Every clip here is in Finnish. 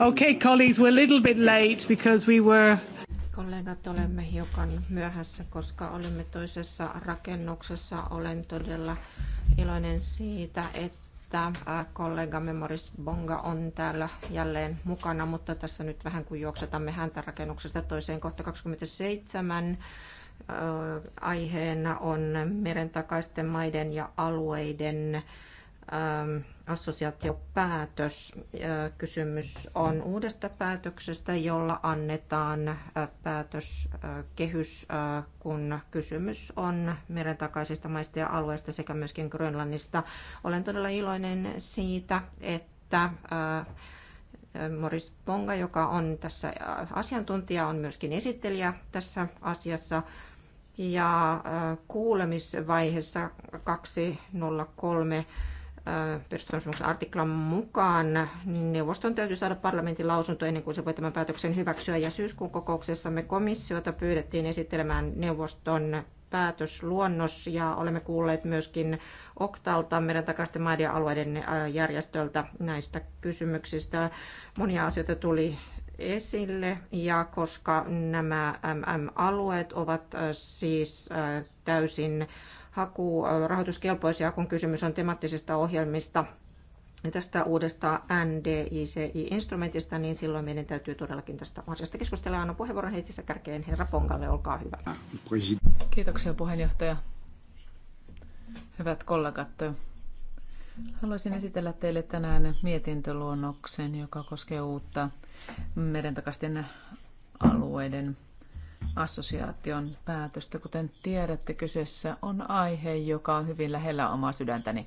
Okay, colleagues, we're a little bit late because we were... Kollegat, olemme hiukan myöhässä, koska olimme toisessa rakennuksessa. Olen todella iloinen siitä, että kollega Memoris Bonga on täällä jälleen mukana, mutta tässä nyt vähän kuin juoksetamme häntä rakennuksesta toiseen kohta 27 aiheena on merentakaisten maiden ja alueiden Ähm, assosiaatiopäätös. Kysymys on uudesta päätöksestä, jolla annetaan päätöskehys, kun kysymys on meren takaisista maista ja alueista sekä myöskin Grönlannista. Olen todella iloinen siitä, että Moris Ponga, joka on tässä asiantuntija, on myöskin esittelijä tässä asiassa. Ja kuulemisvaiheessa 203 perustamisen artiklan mukaan neuvoston täytyy saada parlamentin lausunto ennen kuin se voi tämän päätöksen hyväksyä. Ja syyskuun kokouksessamme komissiota pyydettiin esittelemään neuvoston päätösluonnos ja olemme kuulleet myöskin Oktalta, meidän takaisten maiden alueiden järjestöltä näistä kysymyksistä. Monia asioita tuli esille ja koska nämä MM-alueet ovat siis täysin haku kun kysymys on temaattisista ohjelmista, ja tästä uudesta NDICI-instrumentista, niin silloin meidän täytyy todellakin tästä asiasta keskustella. Anna puheenvuoron heitissä kärkeen herra Pongalle, olkaa hyvä. Kiitoksia puheenjohtaja. Hyvät kollegat, haluaisin esitellä teille tänään mietintöluonnoksen, joka koskee uutta meidän takaisin alueiden assosiaation päätöstä. Kuten tiedätte, kyseessä on aihe, joka on hyvin lähellä omaa sydäntäni.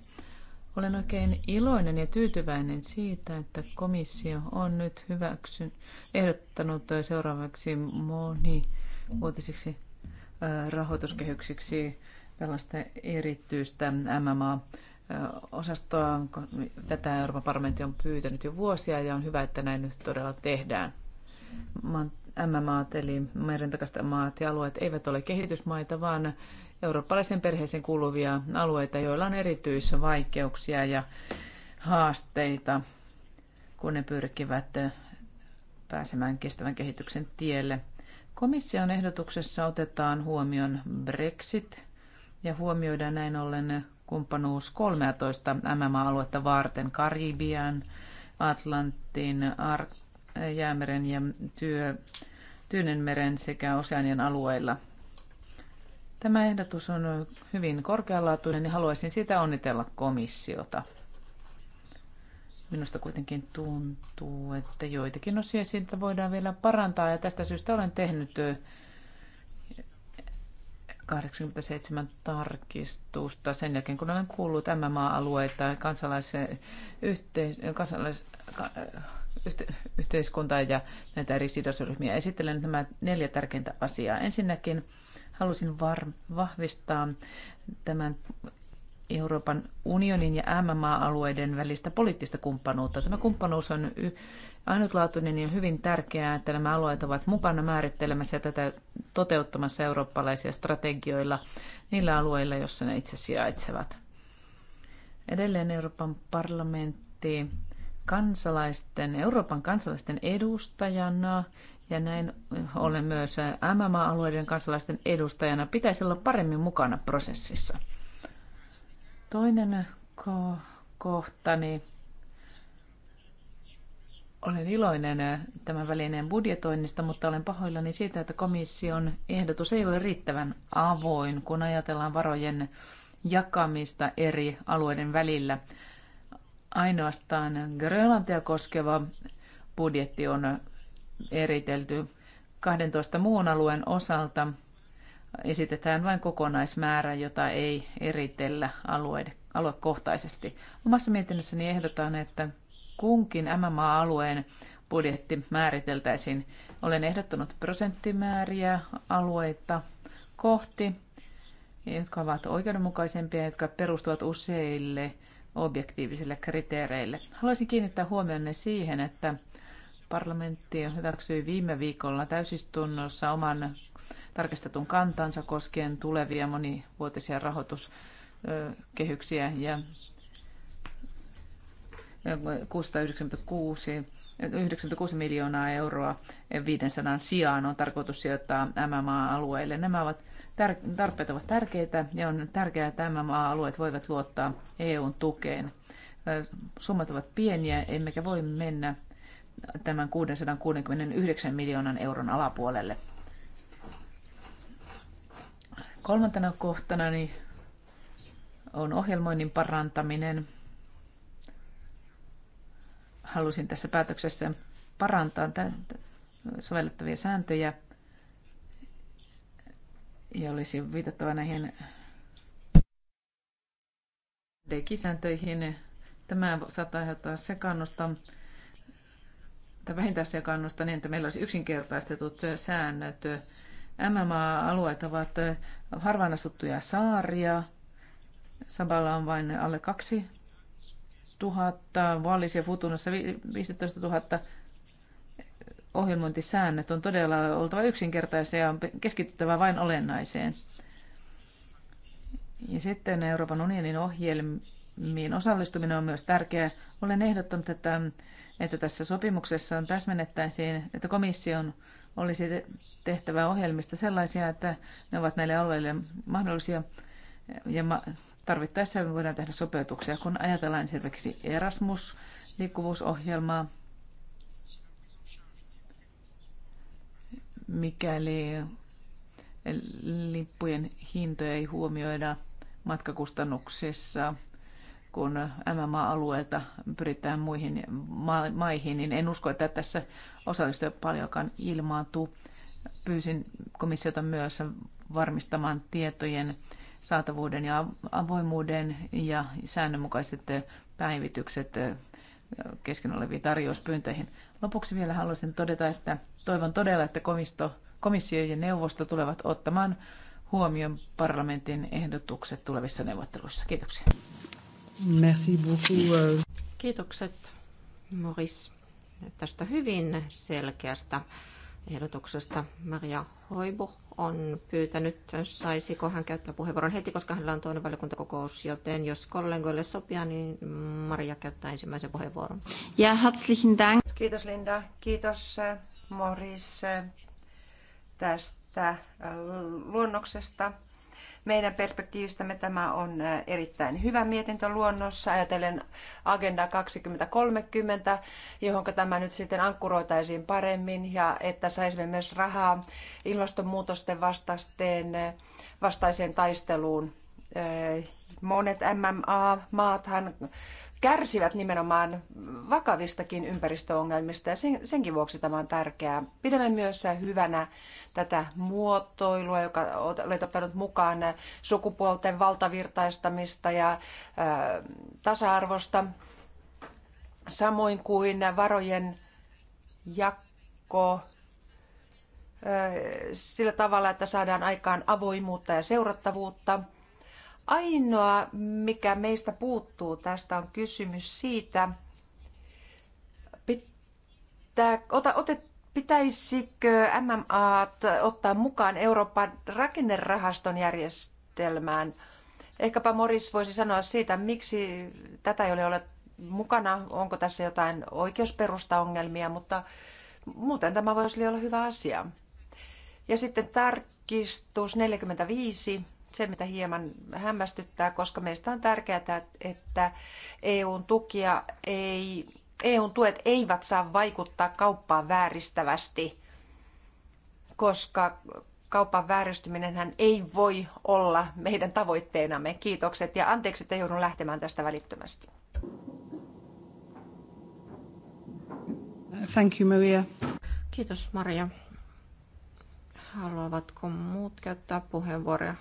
Olen oikein iloinen ja tyytyväinen siitä, että komissio on nyt hyväksyn, ehdottanut seuraavaksi monivuotisiksi rahoituskehyksiksi tällaista erityistä MMA osastoa. Tätä Euroopan parlamentti on pyytänyt jo vuosia ja on hyvä, että näin nyt todella tehdään. M-maat eli merentakaiset maat ja alueet eivät ole kehitysmaita, vaan eurooppalaisen perheeseen kuuluvia alueita, joilla on vaikeuksia ja haasteita, kun ne pyrkivät pääsemään kestävän kehityksen tielle. Komission ehdotuksessa otetaan huomioon Brexit ja huomioidaan näin ollen kumppanuus 13 MMA-aluetta varten Karibian, Atlantin, Ar- Jäämeren ja työ, Tyynenmeren sekä Oseanian alueilla. Tämä ehdotus on hyvin korkealaatuinen ja haluaisin siitä onnitella komissiota. Minusta kuitenkin tuntuu, että joitakin osia siitä voidaan vielä parantaa ja tästä syystä olen tehnyt 87 tarkistusta sen jälkeen, kun olen kuullut MMA-alueita, kansalaisen yhteis, kansalais, yhteiskuntaa ja näitä eri sidosryhmiä. Esittelen nämä neljä tärkeintä asiaa. Ensinnäkin halusin var- vahvistaa tämän Euroopan unionin ja MMA-alueiden välistä poliittista kumppanuutta. Tämä kumppanuus on y- ainutlaatuinen ja hyvin tärkeää, että nämä alueet ovat mukana määrittelemässä ja tätä toteuttamassa eurooppalaisia strategioilla niillä alueilla, joissa ne itse sijaitsevat. Edelleen Euroopan parlamentti kansalaisten, Euroopan kansalaisten edustajana ja näin ollen myös MMA-alueiden kansalaisten edustajana pitäisi olla paremmin mukana prosessissa. Toinen ko- kohtani. Olen iloinen tämän välineen budjetoinnista, mutta olen pahoillani siitä, että komission ehdotus ei ole riittävän avoin, kun ajatellaan varojen jakamista eri alueiden välillä ainoastaan Grönlantia koskeva budjetti on eritelty 12 muun alueen osalta. Esitetään vain kokonaismäärä, jota ei eritellä alueiden, aluekohtaisesti. Omassa mietinnössäni ehdotan, että kunkin MMA-alueen budjetti määriteltäisiin. Olen ehdottanut prosenttimääriä alueita kohti, jotka ovat oikeudenmukaisempia, jotka perustuvat useille objektiivisille kriteereille. Haluaisin kiinnittää huomionne siihen, että parlamentti hyväksyi viime viikolla täysistunnossa oman tarkistetun kantansa koskien tulevia monivuotisia rahoituskehyksiä ja 696 96 miljoonaa euroa 500 sijaan on tarkoitus sijoittaa MMA-alueille. Nämä ovat tarpeet ovat tärkeitä ja on tärkeää, että MMA-alueet voivat luottaa EUn tukeen. Summat ovat pieniä, emmekä voi mennä tämän 669 miljoonan euron alapuolelle. Kolmantena kohtana niin on ohjelmoinnin parantaminen. Halusin tässä päätöksessä parantaa sovellettavia sääntöjä – ja olisi viitattava näihin dekisääntöihin. Tämä saattaa aiheuttaa sekannusta tai vähintään sekannusta niin, että meillä olisi yksinkertaistetut säännöt. MMA-alueet ovat harvaan asuttuja saaria. Saballa on vain alle 2 000, Wallis ja Futunassa 15 000 ohjelmointisäännöt on todella oltava yksinkertaisia ja on keskityttävä vain olennaiseen. Ja sitten Euroopan unionin ohjelmiin osallistuminen on myös tärkeää. Olen ehdottanut, että, että tässä sopimuksessa on täsmennettäisiin, että komission olisi tehtävä ohjelmista sellaisia, että ne ovat näille alueille mahdollisia ja tarvittaessa voidaan tehdä sopeutuksia. Kun ajatellaan esimerkiksi Erasmus-liikkuvuusohjelmaa, mikäli lippujen hintoja ei huomioida matkakustannuksissa, kun MMA-alueelta pyritään muihin ma- maihin, niin en usko, että tässä osallistuja paljonkaan ilmaantuu. Pyysin komissiota myös varmistamaan tietojen saatavuuden ja avoimuuden ja säännönmukaiset päivitykset kesken oleviin tarjouspyyntöihin. Lopuksi vielä haluaisin todeta, että Toivon todella, että komisto, komissio ja neuvosto tulevat ottamaan huomioon parlamentin ehdotukset tulevissa neuvotteluissa. Kiitoksia. Merci beaucoup. Euh. Kiitokset, Moris, tästä hyvin selkeästä ehdotuksesta. Maria Hoibu on pyytänyt, saisiko hän käyttää puheenvuoron heti, koska hänellä on toinen valiokuntakokous, joten jos kollegoille sopia, niin Maria käyttää ensimmäisen puheenvuoron. Ja herzlichen Dank. Kiitos Linda, kiitos äh, Morris äh, tästä äh, luonnoksesta. Meidän perspektiivistämme tämä on äh, erittäin hyvä mietintö luonnossa. Ajatellen Agenda 2030, johon tämä nyt sitten ankkuroitaisiin paremmin ja että saisimme myös rahaa ilmastonmuutosten vastaisten, vastaiseen taisteluun. Monet MMA-maathan kärsivät nimenomaan vakavistakin ympäristöongelmista ja sen, senkin vuoksi tämä on tärkeää. Pidämme myös hyvänä tätä muotoilua, joka olet ottanut mukaan sukupuolten valtavirtaistamista ja ää, tasa-arvosta, samoin kuin varojen jakko sillä tavalla, että saadaan aikaan avoimuutta ja seurattavuutta – Ainoa, mikä meistä puuttuu tästä, on kysymys siitä, pitää, ota, otet, pitäisikö MMA ottaa mukaan Euroopan rakennerahaston järjestelmään. Ehkäpä Moris voisi sanoa siitä, miksi tätä ei ole ollut mukana, onko tässä jotain oikeusperustaongelmia, mutta muuten tämä voisi olla hyvä asia. Ja sitten tarkistus 45 se, mitä hieman hämmästyttää, koska meistä on tärkeää, että EUn tukia ei, EUn tuet eivät saa vaikuttaa kauppaan vääristävästi, koska kaupan vääristyminen ei voi olla meidän tavoitteenamme. Kiitokset ja anteeksi, että joudun lähtemään tästä välittömästi. Thank you, Maria. Kiitos, Maria. Haluavatko muut käyttää puheenvuoroja?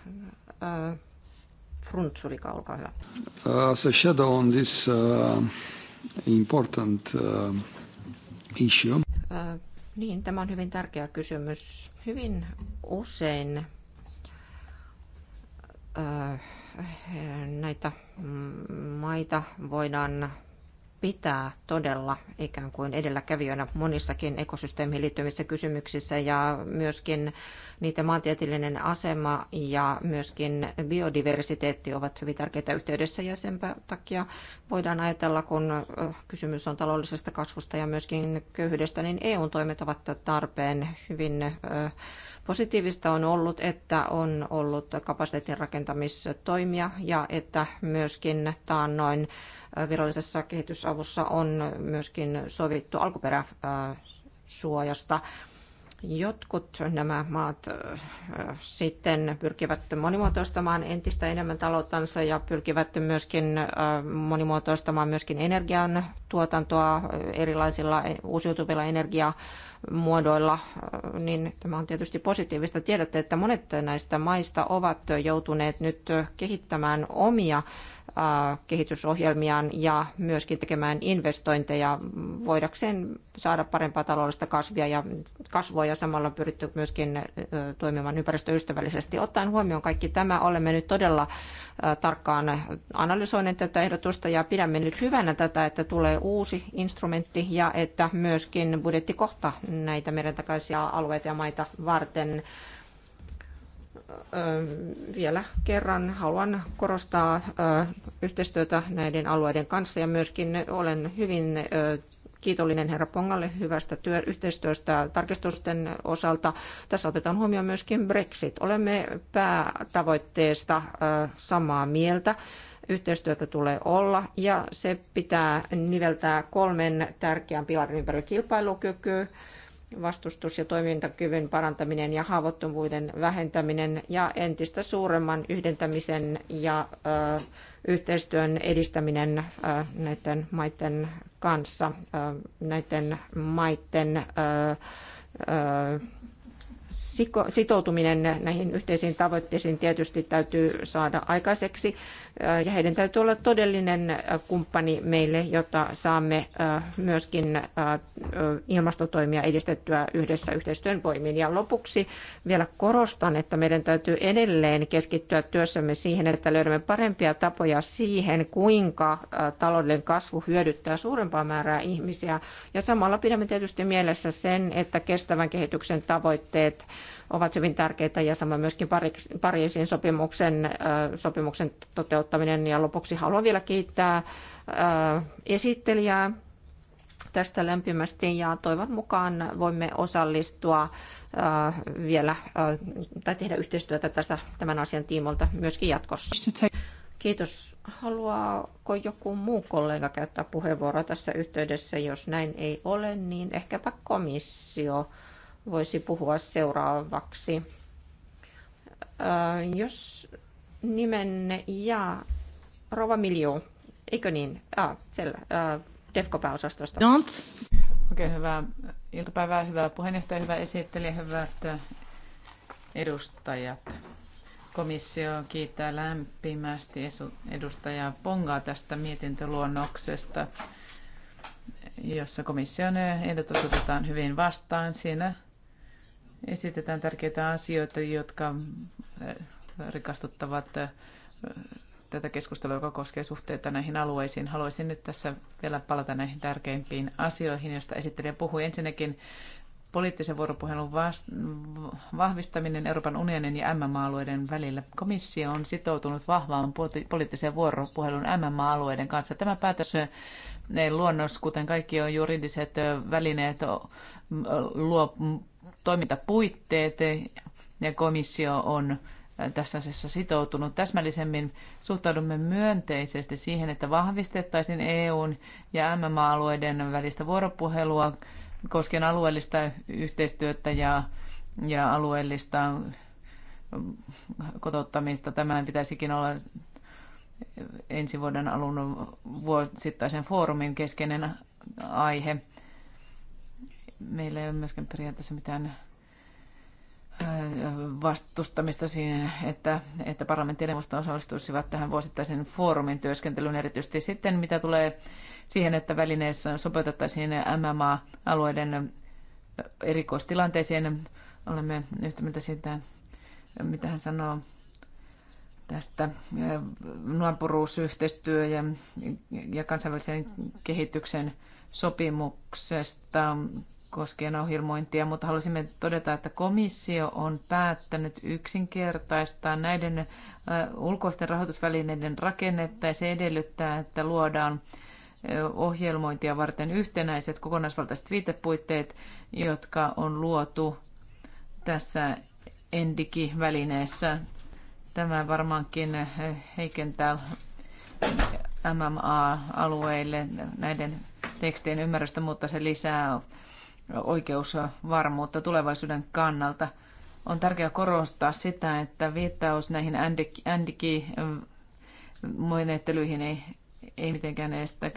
Fruntsulika, olkaa hyvä. Uh, as a shadow on this uh, important uh, issue. Uh, niin, tämä on hyvin tärkeä kysymys. Hyvin usein uh, näitä maita voidaan pitää todella ikään kuin edelläkävijöinä monissakin ekosysteemiin liittyvissä kysymyksissä ja myöskin niiden maantieteellinen asema ja myöskin biodiversiteetti ovat hyvin tärkeitä yhteydessä ja sen takia voidaan ajatella, kun kysymys on taloudellisesta kasvusta ja myöskin köyhyydestä, niin EUn toimet ovat tarpeen hyvin Positiivista on ollut, että on ollut kapasiteetin rakentamistoimia ja että myöskin taannoin virallisessa kehitysavussa on myöskin sovittu alkuperäsuojasta Jotkut nämä maat sitten pyrkivät monimuotoistamaan entistä enemmän talouttansa ja pyrkivät myöskin monimuotoistamaan myöskin energian tuotantoa erilaisilla uusiutuvilla energiamuodoilla, niin tämä on tietysti positiivista. Tiedätte, että monet näistä maista ovat joutuneet nyt kehittämään omia kehitysohjelmiaan ja myöskin tekemään investointeja voidakseen saada parempaa taloudellista kasvia ja kasvua ja samalla pyritty myöskin toimimaan ympäristöystävällisesti. Ottaen huomioon kaikki tämä, olemme nyt todella tarkkaan analysoineet tätä ehdotusta ja pidämme nyt hyvänä tätä, että tulee uusi instrumentti ja että myöskin budjettikohta näitä meidän takaisia alueita ja maita varten vielä kerran haluan korostaa yhteistyötä näiden alueiden kanssa ja myöskin olen hyvin kiitollinen herra Pongalle hyvästä työ, yhteistyöstä tarkistusten osalta. Tässä otetaan huomioon myöskin Brexit. Olemme päätavoitteesta samaa mieltä yhteistyötä tulee olla ja se pitää niveltää kolmen tärkeän pilarin ympärillä kilpailukykyä vastustus- ja toimintakyvyn parantaminen ja haavoittuvuuden vähentäminen ja entistä suuremman yhdentämisen ja ö, yhteistyön edistäminen ö, näiden maiden kanssa, ö, näiden maiden ö, ö, sitoutuminen näihin yhteisiin tavoitteisiin tietysti täytyy saada aikaiseksi, ja heidän täytyy olla todellinen kumppani meille, jotta saamme myöskin ilmastotoimia edistettyä yhdessä yhteistyön voimin. Ja lopuksi vielä korostan, että meidän täytyy edelleen keskittyä työssämme siihen, että löydämme parempia tapoja siihen, kuinka taloudellinen kasvu hyödyttää suurempaa määrää ihmisiä. Ja samalla pidämme tietysti mielessä sen, että kestävän kehityksen tavoitteet ovat hyvin tärkeitä ja sama myöskin Pariisin sopimuksen, sopimuksen toteuttaminen. Ja lopuksi haluan vielä kiittää esittelijää tästä lämpimästi ja toivon mukaan voimme osallistua vielä tai tehdä yhteistyötä tässä, tämän asian tiimolta myöskin jatkossa. Kiitos. Haluaako joku muu kollega käyttää puheenvuoroa tässä yhteydessä? Jos näin ei ole, niin ehkäpä komissio voisi puhua seuraavaksi. Jos nimenne ja Rova Miljo, eikö niin? Ah, siellä, äh, DEFCO-pääosastosta. Okei, hyvää iltapäivää, hyvää puheenjohtaja, hyvää esittelijä, hyvät edustajat. Komissio kiittää lämpimästi edustaja Pongaa tästä mietintöluonnoksesta, jossa komission ehdotus otetaan hyvin vastaan. Siinä esitetään tärkeitä asioita, jotka eh, rikastuttavat eh, tätä keskustelua, joka koskee suhteita näihin alueisiin. Haluaisin nyt tässä vielä palata näihin tärkeimpiin asioihin, joista esittelijä puhui. Ensinnäkin poliittisen vuoropuhelun vahvistaminen Euroopan unionin ja MMA-alueiden välillä. Komissio on sitoutunut vahvaan poliittiseen vuoropuhelun MMA-alueiden kanssa. Tämä päätös eh, luonnos, kuten kaikki on juridiset välineet, luo toimintapuitteet ja komissio on tässä asiassa sitoutunut. Täsmällisemmin suhtaudumme myönteisesti siihen, että vahvistettaisiin EUn ja MMA-alueiden välistä vuoropuhelua koskien alueellista yhteistyötä ja, ja alueellista kotouttamista. Tämän pitäisikin olla ensi vuoden alun vuosittaisen foorumin keskeinen aihe meillä ei ole myöskään periaatteessa mitään äh, vastustamista siihen, että, että parlamentin neuvosto osallistuisivat tähän vuosittaisen foorumin työskentelyyn erityisesti sitten, mitä tulee siihen, että välineessä sopeutettaisiin MMA-alueiden erikoistilanteisiin. Olemme yhtä mieltä siitä, mitä hän sanoo tästä äh, nuopuruusyhteistyö ja, ja kansainvälisen kehityksen sopimuksesta koskien ohjelmointia, mutta haluaisimme todeta, että komissio on päättänyt yksinkertaistaa näiden ulkoisten rahoitusvälineiden rakennetta ja se edellyttää, että luodaan ohjelmointia varten yhtenäiset kokonaisvaltaiset viitepuitteet, jotka on luotu tässä Endiki-välineessä. Tämä varmaankin heikentää MMA-alueille näiden tekstien ymmärrystä, mutta se lisää oikeusvarmuutta tulevaisuuden kannalta. On tärkeää korostaa sitä, että viittaus näihin ändiki-menettelyihin eh, ei, ei mitenkään estä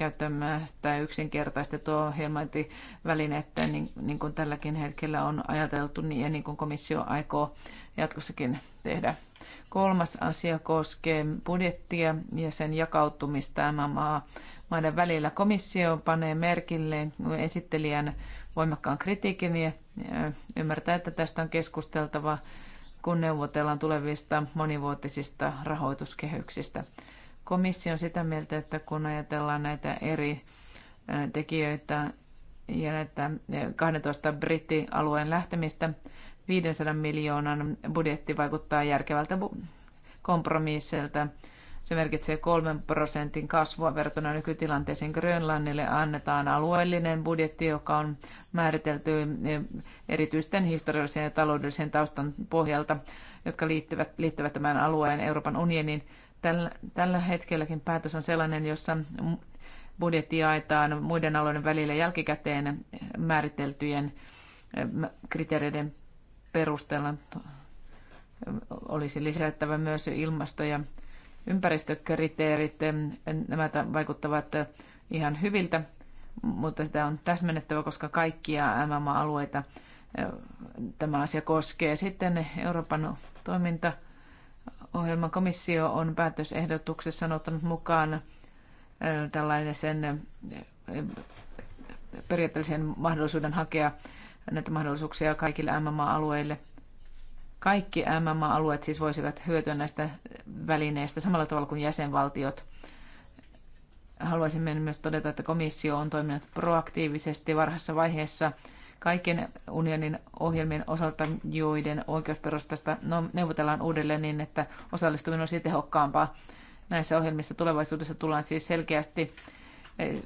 sitä yksinkertaistettua ohjelmointivälinettä, niin, niin kuin tälläkin hetkellä on ajateltu niin, ja niin kuin komissio aikoo jatkossakin tehdä. Kolmas asia koskee budjettia ja sen jakautumista maa maiden välillä. Komissio panee merkille esittelijän voimakkaan kritiikin ja ymmärtää, että tästä on keskusteltava, kun neuvotellaan tulevista monivuotisista rahoituskehyksistä. Komissio on sitä mieltä, että kun ajatellaan näitä eri tekijöitä ja näitä 12 brittialueen lähtemistä, 500 miljoonan budjetti vaikuttaa järkevältä kompromissilta se merkitsee kolmen prosentin kasvua verrattuna nykytilanteeseen. Grönlannille annetaan alueellinen budjetti, joka on määritelty erityisten historiallisen ja taloudellisen taustan pohjalta, jotka liittyvät, liittyvät tämän alueen Euroopan unioniin. Tällä, tällä hetkelläkin päätös on sellainen, jossa budjetti jaetaan muiden alueiden välillä jälkikäteen määriteltyjen kriteereiden perusteella olisi lisättävä myös ilmasto- ja ympäristökriteerit, nämä vaikuttavat ihan hyviltä, mutta sitä on täsmennettävä, koska kaikkia MMA-alueita tämä asia koskee. Sitten Euroopan toiminta komissio on päätösehdotuksessa ottanut mukaan tällaisen periaatteellisen mahdollisuuden hakea näitä mahdollisuuksia kaikille MMA-alueille – kaikki MMA-alueet siis voisivat hyötyä näistä välineistä samalla tavalla kuin jäsenvaltiot. Haluaisin myös todeta, että komissio on toiminut proaktiivisesti varhaisessa vaiheessa kaiken unionin ohjelmien osalta, joiden oikeusperustasta neuvotellaan uudelleen niin, että osallistuminen olisi tehokkaampaa. Näissä ohjelmissa tulevaisuudessa tullaan siis selkeästi eh,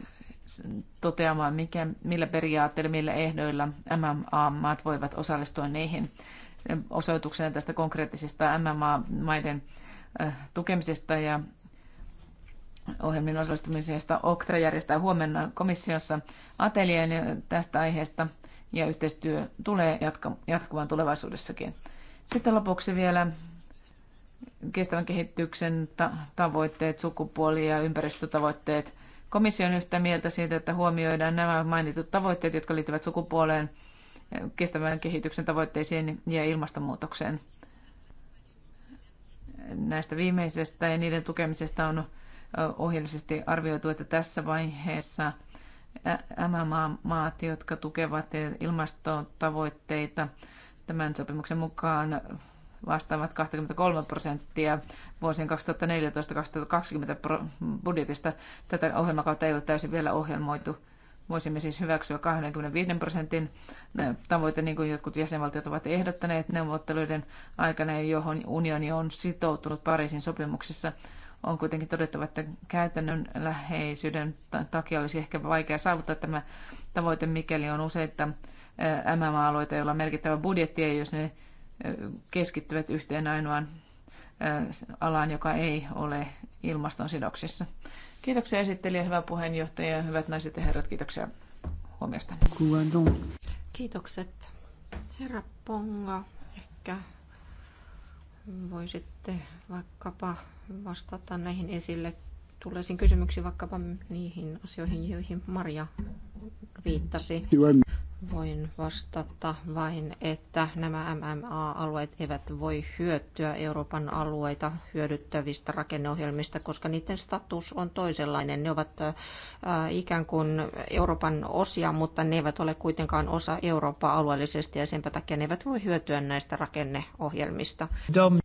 toteamaan, mikä, millä periaatteilla, millä ehdoilla MMA-maat voivat osallistua niihin osoituksena tästä konkreettisesta MMA-maiden tukemisesta ja ohjelmin osallistumisesta. OKTRA järjestää huomenna komissiossa ateljeen tästä aiheesta ja yhteistyö tulee jatkuvan tulevaisuudessakin. Sitten lopuksi vielä kestävän kehityksen ta- tavoitteet, sukupuoli- ja ympäristötavoitteet. Komissio on yhtä mieltä siitä, että huomioidaan nämä mainitut tavoitteet, jotka liittyvät sukupuoleen – kestävän kehityksen tavoitteisiin ja ilmastonmuutokseen. Näistä viimeisestä ja niiden tukemisesta on ohjeellisesti arvioitu, että tässä vaiheessa MMA-maat, jotka tukevat ilmastotavoitteita tämän sopimuksen mukaan, vastaavat 23 prosenttia vuosien 2014-2020 budjetista. Tätä ohjelmakautta ei ole täysin vielä ohjelmoitu Voisimme siis hyväksyä 25 prosentin eh, tavoite, niin kuin jotkut jäsenvaltiot ovat ehdottaneet neuvotteluiden aikana, johon unioni on sitoutunut Pariisin sopimuksessa. On kuitenkin todettava, että käytännön läheisyyden takia olisi ehkä vaikea saavuttaa tämä tavoite, mikäli on useita eh, MMA-alueita, joilla on merkittävä budjetti, ja jos ne eh, keskittyvät yhteen ainoaan alaan, joka ei ole ilmaston sidoksissa. Kiitoksia esittelijä, hyvä puheenjohtaja, hyvät naiset ja herrat, kiitoksia huomiosta. Kiitokset. Herra Ponga, ehkä voisitte vaikkapa vastata näihin esille tulleisiin kysymyksiin, vaikkapa niihin asioihin, joihin Maria viittasi. Voin vastata vain, että nämä MMA-alueet eivät voi hyötyä Euroopan alueita hyödyttävistä rakenneohjelmista, koska niiden status on toisenlainen. Ne ovat äh, ikään kuin Euroopan osia, mutta ne eivät ole kuitenkaan osa Eurooppaa alueellisesti ja sen takia ne eivät voi hyötyä näistä rakenneohjelmista. Dom.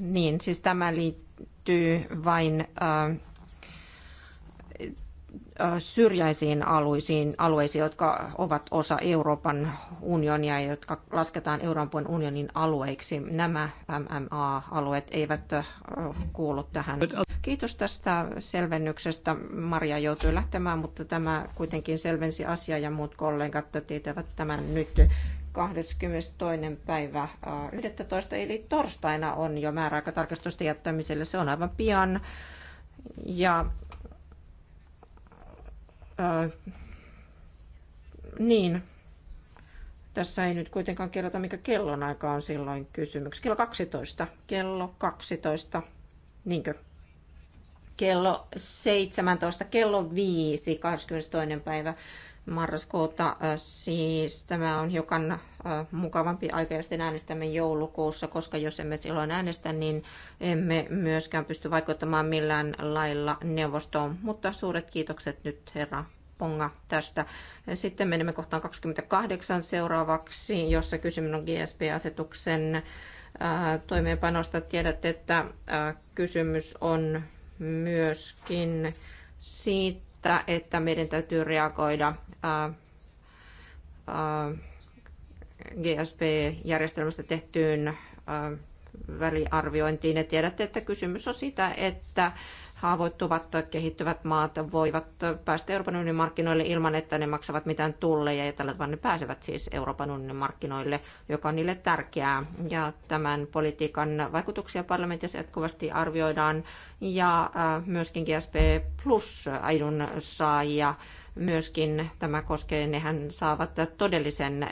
Niin, siis tämä liittyy vain syrjäisiin alueisiin, alueisiin, jotka ovat osa Euroopan unionia, ja jotka lasketaan Euroopan unionin alueiksi. Nämä MMA-alueet eivät kuulu tähän. Kiitos tästä selvennyksestä. Maria joutui lähtemään, mutta tämä kuitenkin selvensi asiaa ja muut kollegat tietävät tämän nyt. 22. päivä 11. Äh, eli torstaina on jo määräaikatarkastusten jättämiselle. Se on aivan pian. Ja äh, niin, tässä ei nyt kuitenkaan kerrota, mikä kellonaika on silloin kysymys. Kello 12. Kello 12. Niinkö? Kello 17. Kello 5. 22. päivä marraskuuta. Siis tämä on hiukan mukavampi aika ja sitten äänestämme joulukuussa, koska jos emme silloin äänestä, niin emme myöskään pysty vaikuttamaan millään lailla neuvostoon. Mutta suuret kiitokset nyt herra Ponga tästä. Sitten menemme kohtaan 28 seuraavaksi, jossa kysymys on GSP-asetuksen toimeenpanosta. Tiedät, että kysymys on myöskin siitä, että, että meidän täytyy reagoida GSP-järjestelmästä tehtyyn väliarviointiin. Ja tiedätte, että kysymys on sitä, että haavoittuvat kehittyvät maat voivat päästä Euroopan unionin markkinoille ilman, että ne maksavat mitään tulleja ja tällä tavalla ne pääsevät siis Euroopan unionin markkinoille, joka on niille tärkeää. Ja tämän politiikan vaikutuksia parlamentissa jatkuvasti arvioidaan ja myöskin GSP Plus aidun saajia myöskin tämä koskee, nehän saavat todellisen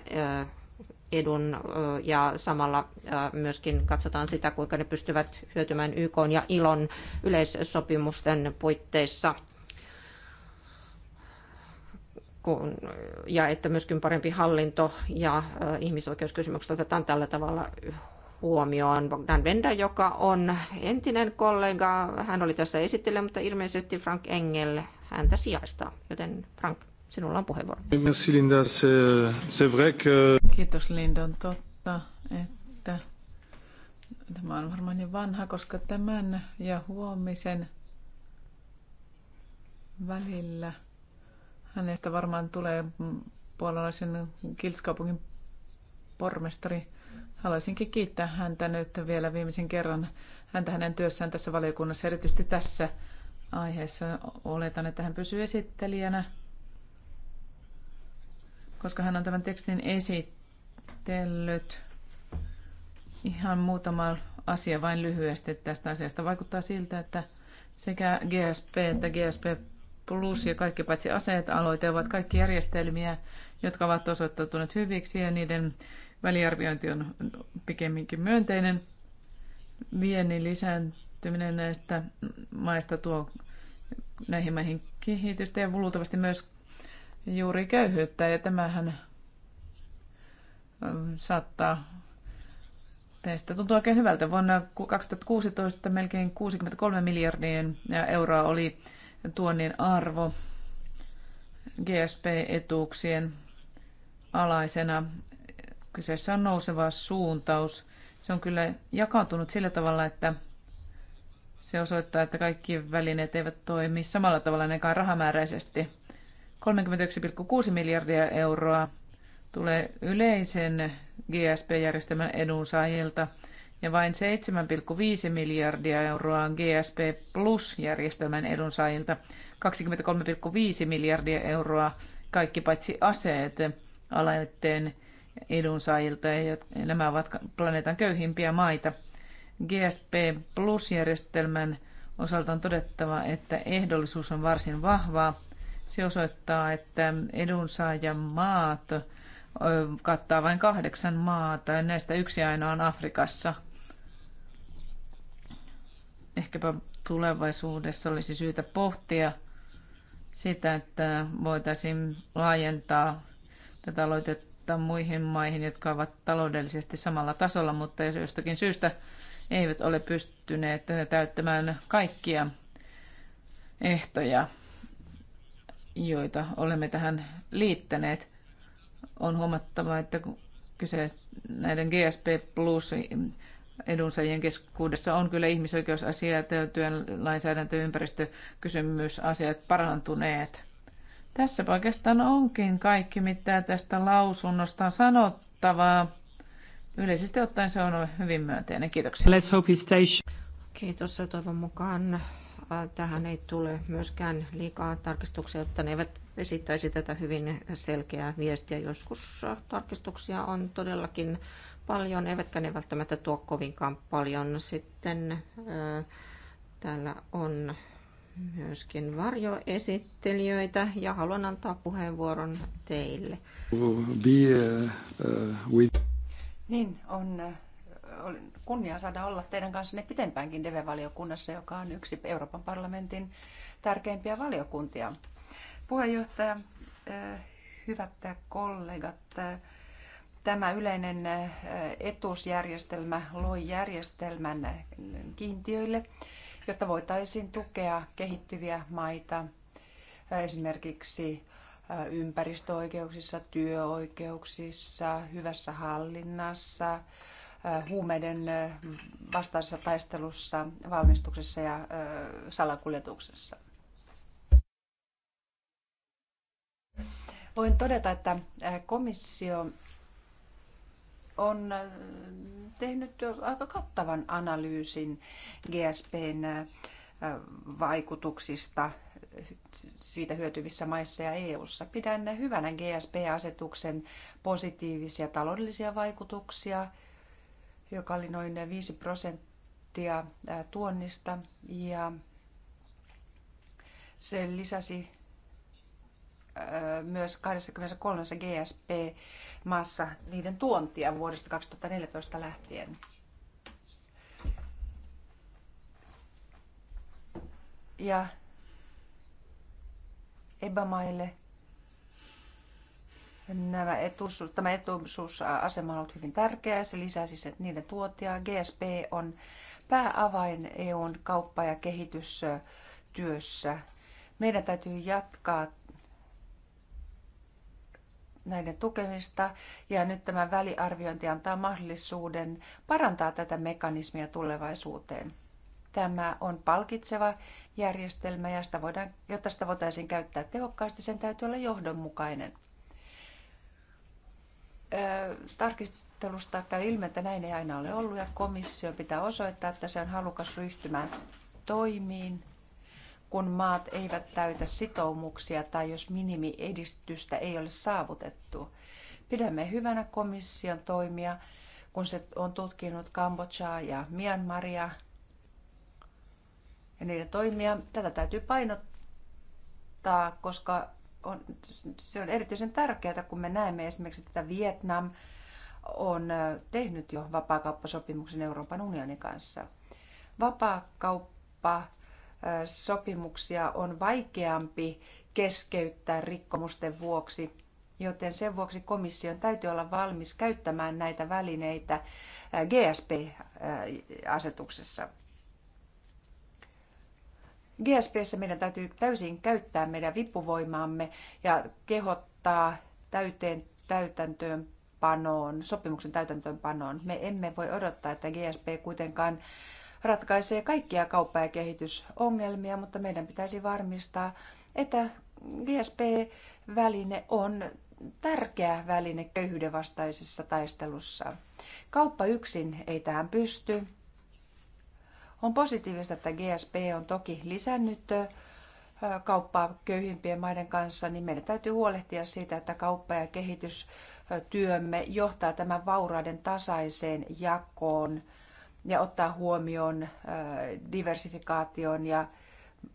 edun ja samalla myöskin katsotaan sitä, kuinka ne pystyvät hyötymään YK ja ILON yleissopimusten puitteissa kun, ja että myöskin parempi hallinto ja ihmisoikeuskysymykset otetaan tällä tavalla huomioon. Bogdan Venda, joka on entinen kollega, hän oli tässä esittelemässä, mutta ilmeisesti Frank Engel häntä sijaistaa, joten Frank. Sinulla on puheenvuoro. Merci Linda, c'est vrai que... Kiitos Linda, on totta, että tämä on varmaan niin vanha, koska tämän ja huomisen välillä hänestä varmaan tulee puolalaisen kiltskaupungin pormestari. Haluaisinkin kiittää häntä nyt vielä viimeisen kerran häntä hänen työssään tässä valiokunnassa, erityisesti tässä aiheessa. Oletan, että hän pysyy esittelijänä koska hän on tämän tekstin esitellyt. Ihan muutama asia vain lyhyesti tästä asiasta. Vaikuttaa siltä, että sekä GSP että GSP Plus ja kaikki paitsi aseet aloite ovat kaikki järjestelmiä, jotka ovat osoittautuneet hyviksi ja niiden väliarviointi on pikemminkin myönteinen. Viennin lisääntyminen näistä maista tuo näihin maihin kehitystä ja luultavasti myös juuri köyhyyttä ja tämähän ähm, saattaa teistä tuntua oikein hyvältä. Vuonna 2016 melkein 63 miljardien äh, euroa oli tuonnin arvo GSP-etuuksien alaisena. Kyseessä on nouseva suuntaus. Se on kyllä jakautunut sillä tavalla, että se osoittaa, että kaikki välineet eivät toimi samalla tavalla ainakaan rahamääräisesti. 31,6 miljardia euroa tulee yleisen GSP-järjestelmän edunsaajilta ja vain 7,5 miljardia euroa GSP Plus-järjestelmän edunsaajilta, 23,5 miljardia euroa kaikki paitsi aseet aloitteen edunsaajilta, ja nämä ovat planeetan köyhimpiä maita. GSP Plus-järjestelmän osalta on todettava, että ehdollisuus on varsin vahvaa se osoittaa, että edunsaajan maat kattaa vain kahdeksan maata ja näistä yksi ainoa on Afrikassa. Ehkäpä tulevaisuudessa olisi syytä pohtia sitä, että voitaisiin laajentaa tätä aloitetta muihin maihin, jotka ovat taloudellisesti samalla tasolla, mutta jostakin syystä eivät ole pystyneet täyttämään kaikkia ehtoja joita olemme tähän liittäneet. On huomattava, että kyse näiden GSP Plus edunsaajien keskuudessa on kyllä ihmisoikeusasiat, työn lainsäädäntö, ympäristökysymysasiat parantuneet. Tässä oikeastaan onkin kaikki, mitä tästä lausunnosta on sanottavaa. Yleisesti ottaen se on hyvin myönteinen. Kiitoksia. Let's hope he stays. Kiitos ja toivon mukaan tähän ei tule myöskään liikaa tarkistuksia, jotta ne eivät esittäisi tätä hyvin selkeää viestiä. Joskus tarkistuksia on todellakin paljon, eivätkä ne välttämättä tuo kovinkaan paljon. Sitten täällä on myöskin varjoesittelijöitä ja haluan antaa puheenvuoron teille. Be, uh, uh, with... Niin, on, äh, olin kunnia saada olla teidän kanssanne pitempäänkin DEVE-valiokunnassa, joka on yksi Euroopan parlamentin tärkeimpiä valiokuntia. Puheenjohtaja, eh, hyvät kollegat, eh, tämä yleinen eh, etusjärjestelmä loi järjestelmän kiintiöille, jotta voitaisiin tukea kehittyviä maita esimerkiksi ympäristöoikeuksissa, työoikeuksissa, hyvässä hallinnassa, Äh, huumeiden äh, vastaisessa taistelussa, valmistuksessa ja äh, salakuljetuksessa. Voin todeta, että komissio on tehnyt jo aika kattavan analyysin GSPn vaikutuksista siitä hyötyvissä maissa ja EU:ssa. Pidän hyvänä GSP-asetuksen positiivisia taloudellisia vaikutuksia – joka oli noin 5 prosenttia tuonnista ja se lisäsi myös 23 GSP-maassa niiden tuontia vuodesta 2014 lähtien. Ja EBA-maille nämä etuisuus, tämä etuisuusasema on ollut hyvin tärkeä ja se lisää siis että niiden tuotia. GSP on pääavain EUn kauppa- ja kehitystyössä. Meidän täytyy jatkaa näiden tukemista ja nyt tämä väliarviointi antaa mahdollisuuden parantaa tätä mekanismia tulevaisuuteen. Tämä on palkitseva järjestelmä ja sitä voidaan, jotta sitä voitaisiin käyttää tehokkaasti, sen täytyy olla johdonmukainen tarkistelusta käy ilmi, että näin ei aina ole ollut ja komissio pitää osoittaa, että se on halukas ryhtymään toimiin, kun maat eivät täytä sitoumuksia tai jos minimiedistystä ei ole saavutettu. Pidämme hyvänä komission toimia, kun se on tutkinut Kambodžaa ja Myanmaria ja niiden toimia. Tätä täytyy painottaa, koska on, se on erityisen tärkeää, kun me näemme esimerkiksi, että Vietnam on tehnyt jo vapaakauppasopimuksen Euroopan unionin kanssa. Vapaakauppasopimuksia on vaikeampi keskeyttää rikkomusten vuoksi, joten sen vuoksi komission täytyy olla valmis käyttämään näitä välineitä GSP-asetuksessa. GSPssä meidän täytyy täysin käyttää meidän vippuvoimaamme ja kehottaa täyteen täytäntöön panoon, sopimuksen täytäntöönpanoon. Me emme voi odottaa, että GSP kuitenkaan ratkaisee kaikkia kauppa- ja kehitysongelmia, mutta meidän pitäisi varmistaa, että GSP-väline on tärkeä väline köyhyyden vastaisessa taistelussa. Kauppa yksin ei tähän pysty. On positiivista, että GSP on toki lisännyt kauppaa köyhimpien maiden kanssa, niin meidän täytyy huolehtia siitä, että kauppa- ja kehitystyömme johtaa tämän vaurauden tasaiseen jakoon ja ottaa huomioon diversifikaation ja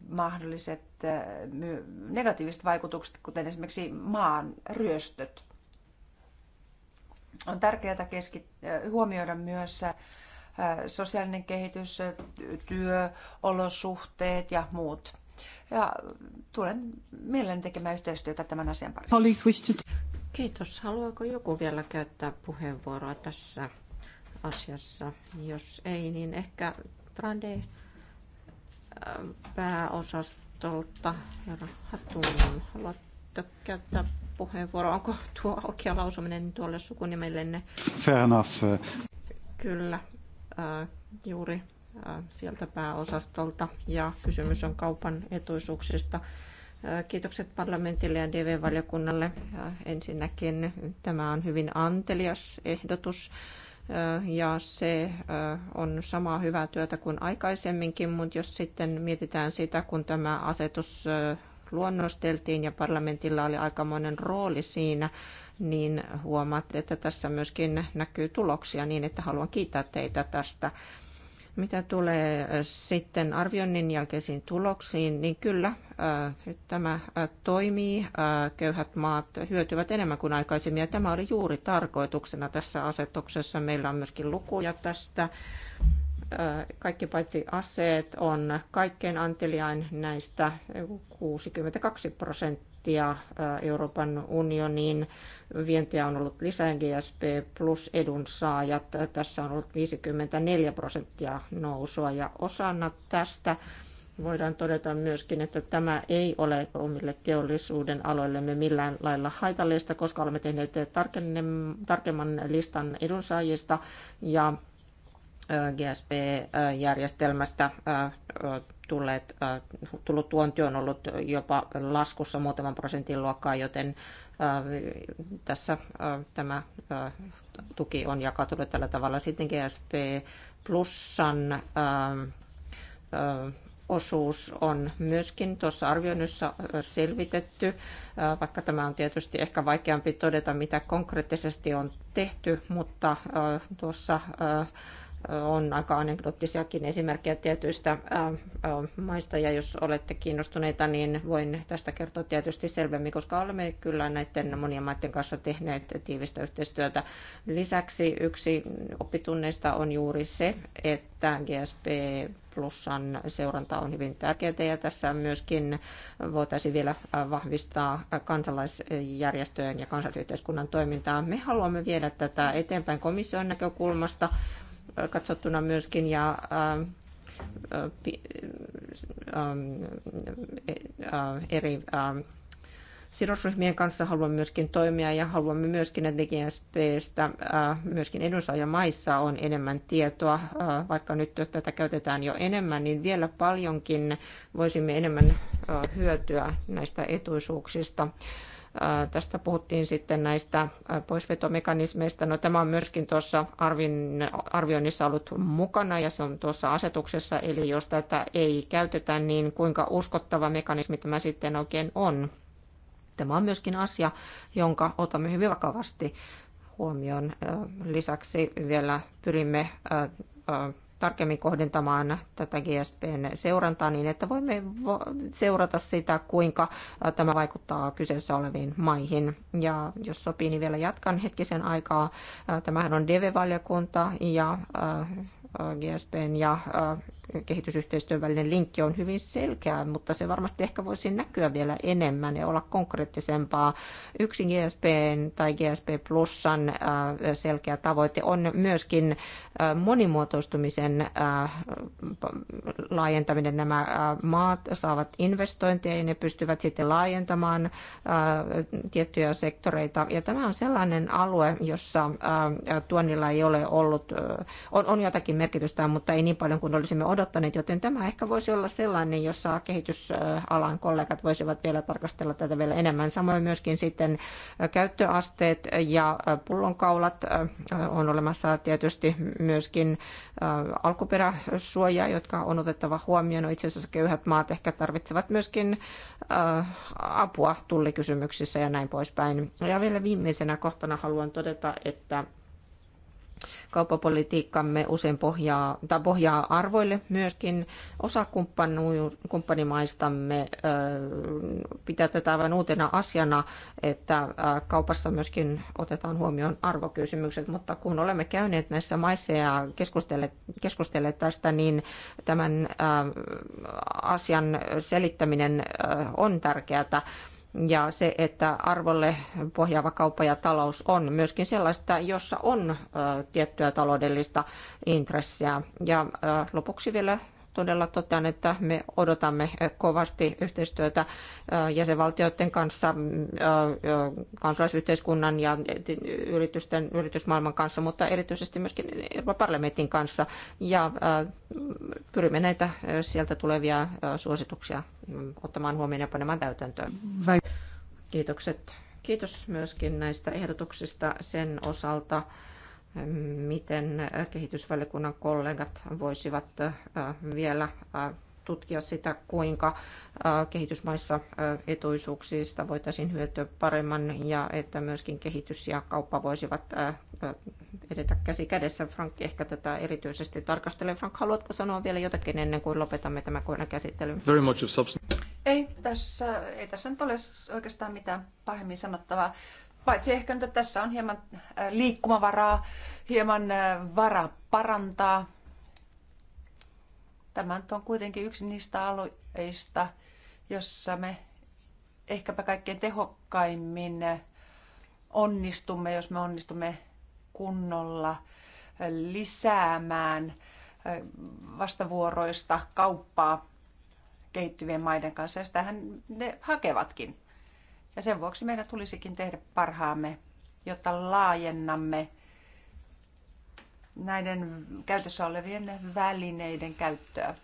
mahdolliset negatiiviset vaikutukset, kuten esimerkiksi maan ryöstöt. On tärkeää keskit- huomioida myös sosiaalinen kehitys, työolosuhteet ja muut. Ja tulen mielelläni tekemään yhteistyötä tämän asian parissa. Kiitos. Haluaako joku vielä käyttää puheenvuoroa tässä asiassa? Jos ei, niin ehkä Trande pääosastolta herra Hatun. Haluatte käyttää puheenvuoro. Onko tuo oikea lausuminen tuolle sukunimellenne? Fair enough. Kyllä, juuri sieltä pääosastolta ja kysymys on kaupan etuisuuksista. Kiitokset parlamentille ja DV-valiokunnalle. Ensinnäkin tämä on hyvin antelias ehdotus ja se on samaa hyvää työtä kuin aikaisemminkin, mutta jos sitten mietitään sitä, kun tämä asetus luonnosteltiin ja parlamentilla oli aikamoinen rooli siinä, niin huomaatte, että tässä myöskin näkyy tuloksia niin, että haluan kiittää teitä tästä. Mitä tulee sitten arvioinnin jälkeisiin tuloksiin, niin kyllä tämä toimii. Köyhät maat hyötyvät enemmän kuin aikaisemmin ja tämä oli juuri tarkoituksena tässä asetuksessa. Meillä on myöskin lukuja tästä. Kaikki paitsi aseet on kaikkein anteliain näistä 62 prosenttia vientiä äh, Euroopan unioniin. Vientiä on ollut lisää GSP plus edunsaajat. Tässä on ollut 54 prosenttia nousua ja osana tästä voidaan todeta myöskin, että tämä ei ole omille teollisuuden aloillemme millään lailla haitallista, koska olemme tehneet tarkemman listan edunsaajista ja äh, GSP-järjestelmästä äh, tulleet, äh, tullut tuonti on ollut jopa laskussa muutaman prosentin luokkaa, joten äh, tässä äh, tämä tuki on jakautunut tällä tavalla. Sitten GSP Plusan osuus on myöskin tuossa arvioinnissa selvitetty, vaikka tämä on tietysti ehkä vaikeampi todeta, mitä konkreettisesti on tehty, mutta tuossa on aika anekdoottisiakin esimerkkejä tietyistä maista, ja jos olette kiinnostuneita, niin voin tästä kertoa tietysti selvemmin, koska olemme kyllä näiden monien maiden kanssa tehneet tiivistä yhteistyötä. Lisäksi yksi oppitunneista on juuri se, että GSP plussan seuranta on hyvin tärkeää ja tässä myöskin voitaisiin vielä vahvistaa kansalaisjärjestöjen ja kansalaisyhteiskunnan toimintaa. Me haluamme viedä tätä eteenpäin komission näkökulmasta katsottuna myöskin ja ähm, äh, ähm, äh, eri ähm, sidosryhmien kanssa haluamme myöskin toimia ja haluamme myöskin, että DGSPstä äh, myöskin edunsaajamaissa on enemmän tietoa. Vaikka nyt tätä käytetään jo enemmän, niin vielä paljonkin voisimme enemmän hyötyä näistä etuisuuksista. Tästä puhuttiin sitten näistä poisvetomekanismeista. No, tämä on myöskin tuossa arvin, arvioinnissa ollut mukana ja se on tuossa asetuksessa. Eli jos tätä ei käytetä, niin kuinka uskottava mekanismi tämä sitten oikein on? Tämä on myöskin asia, jonka otamme hyvin vakavasti huomioon. Lisäksi vielä pyrimme tarkemmin kohdentamaan tätä GSPn seurantaa niin, että voimme seurata sitä, kuinka tämä vaikuttaa kyseessä oleviin maihin. Ja jos sopii, niin vielä jatkan hetkisen aikaa. Tämähän on DEVE-valiokunta ja GSPn ja kehitysyhteistyön välinen linkki on hyvin selkeä, mutta se varmasti ehkä voisi näkyä vielä enemmän ja olla konkreettisempaa. Yksi GSP tai GSP Plusan äh, selkeä tavoite on myöskin äh, monimuotoistumisen äh, laajentaminen. Nämä maat saavat investointeja ja ne pystyvät sitten laajentamaan tiettyjä sektoreita. Ja tämä on sellainen alue, jossa tuonnilla ei ole ollut, on, on jotakin merkitystä, mutta ei niin paljon kuin olisimme odottaneet, joten tämä ehkä voisi olla sellainen, jossa kehitysalan kollegat voisivat vielä tarkastella tätä vielä enemmän. Samoin myöskin sitten käyttöasteet ja pullonkaulat on olemassa tietysti myöskin alkuperäsuojaa, jotka on otettava huomioon. No itse asiassa köyhät maat ehkä tarvitsevat myöskin apua tullikysymyksissä ja näin poispäin. Ja vielä viimeisenä kohtana haluan todeta, että Kauppapolitiikkamme usein pohjaa, tai pohjaa arvoille myöskin. Osa kumppanimaistamme pitää tätä aivan uutena asiana, että kaupassa myöskin otetaan huomioon arvokysymykset, mutta kun olemme käyneet näissä maissa ja keskustelleet, keskustelleet tästä, niin tämän asian selittäminen on tärkeää ja se, että arvolle pohjaava kauppa ja talous on myöskin sellaista, jossa on tiettyä taloudellista intressiä. Ja lopuksi vielä todella totean, että me odotamme eh, kovasti yhteistyötä eh, jäsenvaltioiden kanssa, mm, eh, kansalaisyhteiskunnan ja yritysten, yritysmaailman kanssa, mutta erityisesti myöskin Euroopan parlamentin kanssa. Ja pyrimme näitä sieltä tulevia suosituksia mm, ottamaan huomioon ja panemaan täytäntöön. Kiitokset. Kiitos myöskin näistä ehdotuksista sen osalta miten äh, kehitysvaliokunnan kollegat voisivat äh, vielä äh, tutkia sitä, kuinka kehitysmaissa etuisuuksista voitaisiin hyötyä paremman ja että myöskin kehitys ja kauppa voisivat edetä käsi kädessä. Frank ehkä tätä erityisesti tarkastelee. Frank, haluatko sanoa vielä jotakin ennen kuin lopetamme tämän kohdan käsittelyn? Very much of substance. Ei tässä, ei tässä nyt ole oikeastaan mitään pahemmin sanottavaa. Paitsi ehkä nyt, että tässä on hieman äh, liikkumavaraa, hieman äh, varaa parantaa. Tämä nyt on kuitenkin yksi niistä alueista, jossa me ehkäpä kaikkein tehokkaimmin äh, onnistumme, jos me onnistumme kunnolla lisäämään vastavuoroista kauppaa kehittyvien maiden kanssa. Ja sitähän ne hakevatkin. Ja sen vuoksi meidän tulisikin tehdä parhaamme, jotta laajennamme näiden käytössä olevien välineiden käyttöä.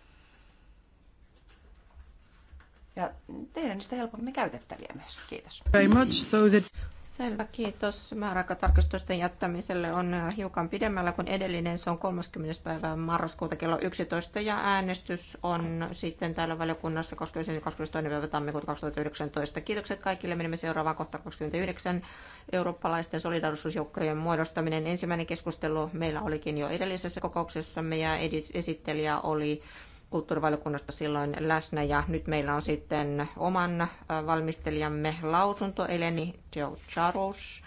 Ja tehdä niistä helpommin käytettäviä myös. Kiitos. Very much so that... Selvä, kiitos. tarkistusten jättämiselle on hiukan pidemmällä kuin edellinen. Se on 30. päivä marraskuuta kello 11 ja äänestys on sitten täällä valiokunnassa 22. päivä tammikuuta 2019. Kiitokset kaikille. Menemme seuraavaan kohta 29. Eurooppalaisten solidarisuusjoukkojen muodostaminen. Ensimmäinen keskustelu meillä olikin jo edellisessä kokouksessamme ja esittelijä oli kulttuurivaliokunnasta silloin läsnä ja nyt meillä on sitten oman äh, valmistelijamme lausunto Eleni Joe Charles.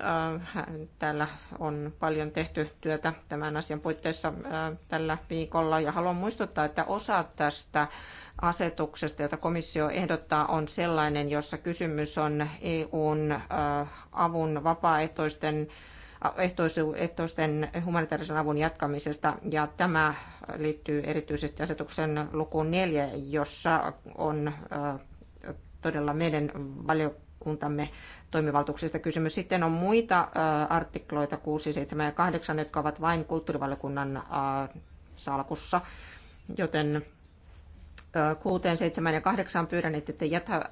Äh, täällä on paljon tehty työtä tämän asian puitteissa äh, tällä viikolla ja haluan muistuttaa, että osa tästä asetuksesta, jota komissio ehdottaa, on sellainen, jossa kysymys on EUn avun vapaaehtoisten ehtoisten humanitaarisen avun jatkamisesta. Ja tämä liittyy erityisesti asetuksen lukuun neljä, jossa on äh, todella meidän valiokuntamme toimivaltuuksista kysymys. Sitten on muita äh, artikloita 6, 7 ja 8, jotka ovat vain kulttuurivaliokunnan äh, salkussa, joten 6, 7 ja 8 pyydän, että te jätä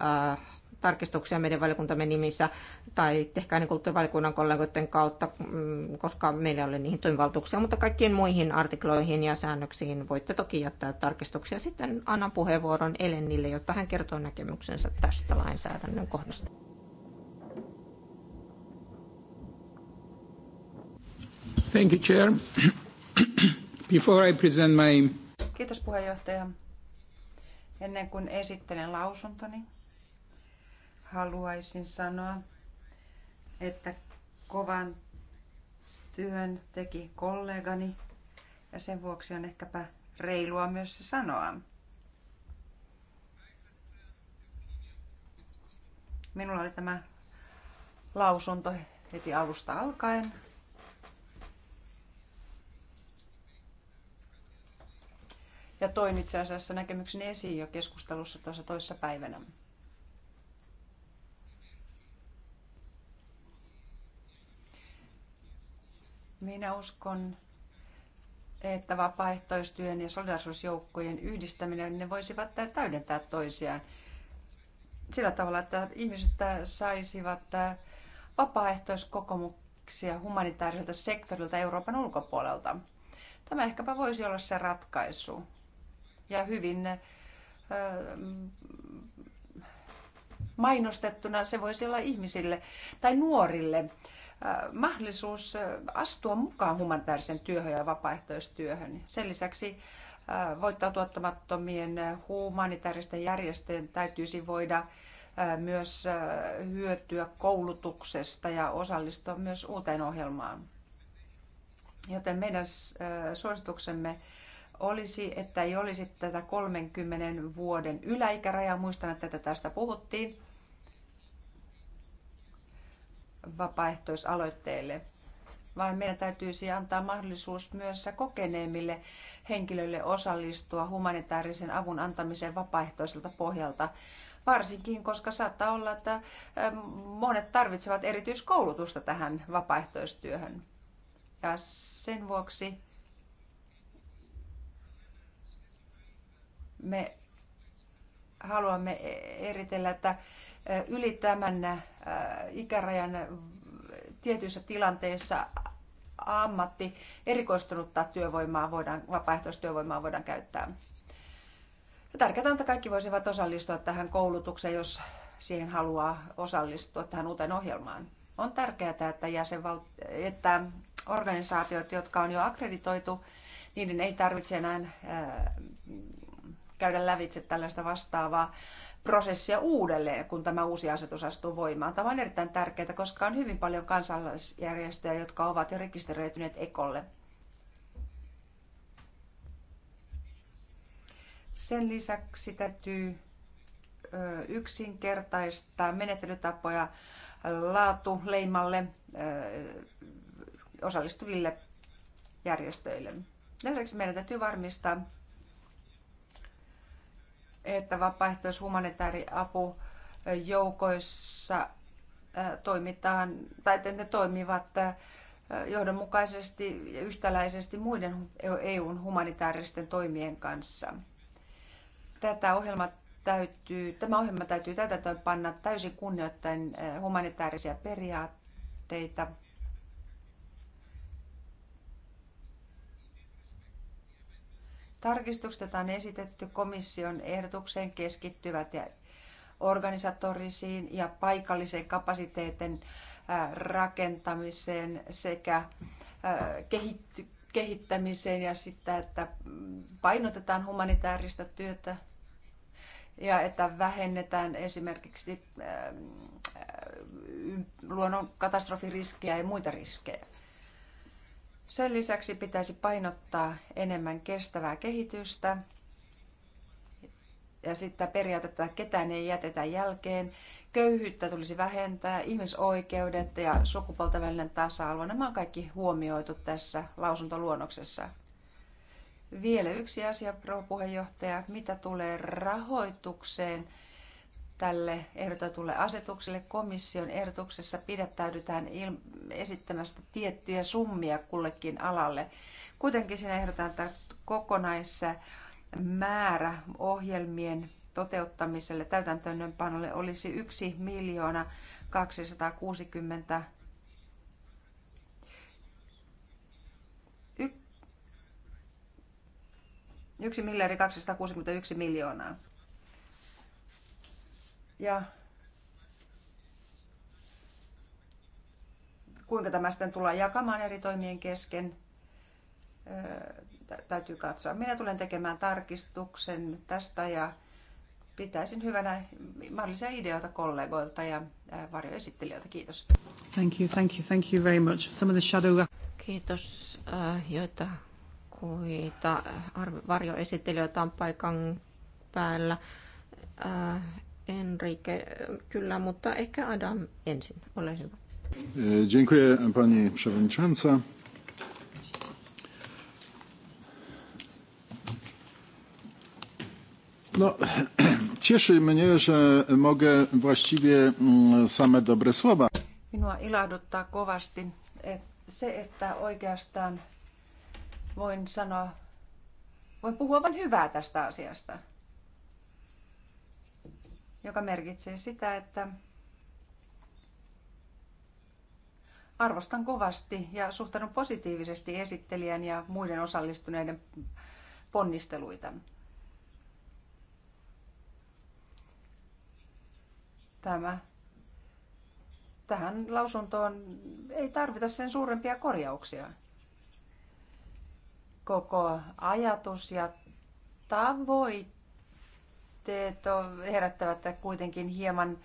tarkistuksia meidän valiokuntamme nimissä tai tehkää ne kulttuurivaliokunnan kollegoiden kautta, mm, koska meillä ei ole niihin toimivaltuuksia, mutta kaikkiin muihin artikloihin ja säännöksiin voitte toki jättää tarkistuksia. Sitten annan puheenvuoron Elenille, jotta hän kertoo näkemyksensä tästä lainsäädännön kohdasta. Thank you, Chair. Before I present my... Kiitos puheenjohtaja. Ennen kuin esittelen lausuntoni, haluaisin sanoa, että kovan työn teki kollegani ja sen vuoksi on ehkäpä reilua myös se sanoa. Minulla oli tämä lausunto heti alusta alkaen. Ja toin itse asiassa näkemykseni esiin jo keskustelussa tuossa toissa päivänä. Minä uskon, että vapaaehtoistyön ja solidarisuusjoukkojen yhdistäminen, ne voisivat täydentää toisiaan sillä tavalla, että ihmiset saisivat vapaaehtoiskokemuksia humanitaariselta sektorilta Euroopan ulkopuolelta. Tämä ehkäpä voisi olla se ratkaisu. Ja hyvin mainostettuna se voisi olla ihmisille tai nuorille mahdollisuus astua mukaan humanitaarisen työhön ja vapaaehtoistyöhön. Sen lisäksi voittaa tuottamattomien humanitaaristen järjestöjen täytyisi voida myös hyötyä koulutuksesta ja osallistua myös uuteen ohjelmaan. Joten meidän suosituksemme olisi, että ei olisi tätä 30 vuoden yläikärajaa. Muistan, että tästä puhuttiin vapaaehtoisaloitteelle, vaan meidän täytyisi antaa mahdollisuus myös kokeneemmille henkilöille osallistua humanitaarisen avun antamiseen vapaaehtoiselta pohjalta, varsinkin koska saattaa olla, että ähm, monet tarvitsevat erityiskoulutusta tähän vapaaehtoistyöhön. Ja sen vuoksi me haluamme e-, eritellä, että yli tämän ikärajan tietyissä tilanteissa ammatti erikoistunutta työvoimaa voidaan, vapaaehtoistyövoimaa voidaan käyttää. Ja tärkeää on, että kaikki voisivat osallistua tähän koulutukseen, jos siihen haluaa osallistua tähän uuteen ohjelmaan. On tärkeää, että, jäsenval- että organisaatiot, jotka on jo akkreditoitu, niiden ei tarvitse enää käydä lävitse tällaista vastaavaa prosessia uudelleen, kun tämä uusi asetus astuu voimaan. Tämä on erittäin tärkeää, koska on hyvin paljon kansalaisjärjestöjä, jotka ovat jo rekisteröityneet ekolle. Sen lisäksi täytyy yksinkertaistaa menettelytapoja laatuleimalle osallistuville järjestöille. Lisäksi meidän täytyy varmistaa, että apu joukoissa toimitaan, tai että ne toimivat johdonmukaisesti ja yhtäläisesti muiden EUn e humanitaaristen toimien kanssa. Tätä ohjelma täytyy, tämä ohjelma täytyy tätä panna täysin kunnioittain humanitaarisia periaatteita – Tarkistukset, on esitetty komission ehdotukseen, keskittyvät organisatorisiin ja paikallisen kapasiteetin rakentamiseen sekä kehittämiseen ja sitä, että painotetaan humanitaarista työtä ja että vähennetään esimerkiksi luonnon katastrofiriskejä ja muita riskejä. Sen lisäksi pitäisi painottaa enemmän kestävää kehitystä ja sitten periaatetta, että ketään ei jätetä jälkeen. Köyhyyttä tulisi vähentää, ihmisoikeudet ja sukupuolten välinen tasa-arvo, nämä on kaikki huomioitu tässä lausuntoluonnoksessa. Vielä yksi asia, rouva puheenjohtaja, mitä tulee rahoitukseen – tälle ehdotetulle asetukselle. Komission ehdotuksessa pidättäydytään esittämästä tiettyjä summia kullekin alalle. Kuitenkin siinä ehdotetaan, että kokonaissa määrä ohjelmien toteuttamiselle täytäntöönpanolle olisi 1 miljoona 260 1 miljardi 261 miljoonaa ja kuinka tämä sitten tullaan jakamaan eri toimien kesken, täytyy katsoa. Minä tulen tekemään tarkistuksen tästä ja pitäisin hyvänä mahdollisia ideoita kollegoilta ja varjoesittelijöiltä. Kiitos. Thank you, thank you, thank you very much. Some of the shadow... Kiitos, joita kuita varjoesittelijöitä on paikan päällä. Enrique, kyllä, mutta ehkä Adam ensin. Ole hyvä. E, dziękuję pani przewodnicząca. No, cieszy mnie, że mogę właściwie mm, same dobre słowa. Minua ilahduttaa kovasti että se, että oikeastaan voin sanoa, voin puhua vain hyvää tästä asiasta joka merkitsee sitä, että arvostan kovasti ja suhtaudun positiivisesti esittelijän ja muiden osallistuneiden ponnisteluita. Tämä. Tähän lausuntoon ei tarvita sen suurempia korjauksia. Koko ajatus ja tavoite aloitteet herättävät kuitenkin hieman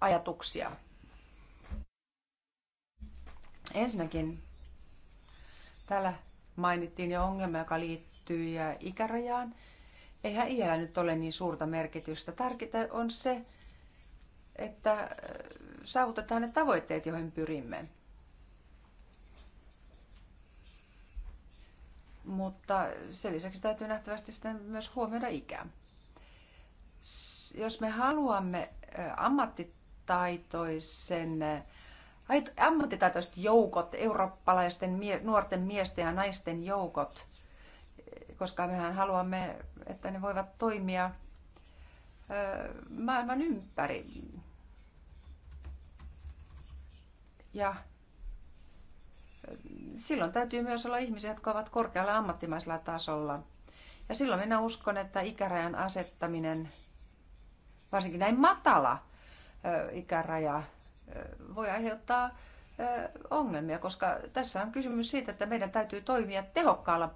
ajatuksia. Ensinnäkin täällä mainittiin jo ongelma, joka liittyy ikärajaan. Eihän iällä nyt ole niin suurta merkitystä. Tärkeintä on se, että saavutetaan ne tavoitteet, joihin pyrimme. mutta sen lisäksi täytyy nähtävästi sitten myös huomioida ikää. Jos me haluamme ammattitaitoisen ammattitaitoiset joukot, eurooppalaisten nuorten miesten ja naisten joukot, koska mehän haluamme, että ne voivat toimia maailman ympäri. Ja silloin täytyy myös olla ihmisiä, jotka ovat korkealla ammattimaisella tasolla. Ja silloin minä uskon, että ikärajan asettaminen, varsinkin näin matala ikäraja, voi aiheuttaa ongelmia, koska tässä on kysymys siitä, että meidän täytyy toimia tehokkaalla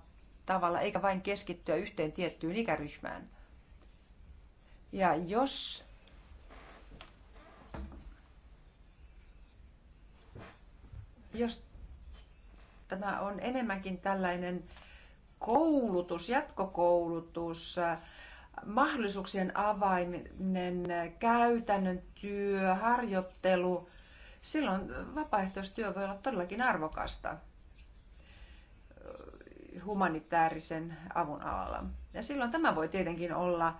tavalla, eikä vain keskittyä yhteen tiettyyn ikäryhmään. Ja jos jos tämä on enemmänkin tällainen koulutus, jatkokoulutus, mahdollisuuksien avainen, käytännön työ, harjoittelu. Silloin vapaaehtoistyö voi olla todellakin arvokasta humanitaarisen avun alalla. Ja silloin tämä voi tietenkin olla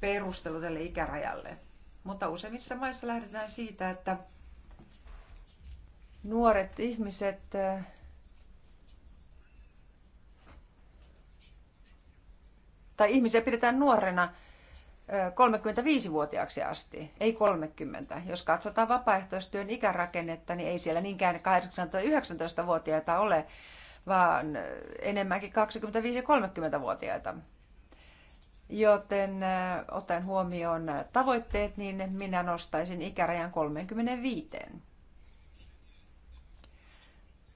perustelu tälle ikärajalle. Mutta useimmissa maissa lähdetään siitä, että nuoret ihmiset tai ihmisiä pidetään nuorena 35-vuotiaaksi asti, ei 30. Jos katsotaan vapaaehtoistyön ikärakennetta, niin ei siellä niinkään 18-19-vuotiaita ole, vaan enemmänkin 25-30-vuotiaita. Joten ottaen huomioon tavoitteet, niin minä nostaisin ikärajan 35.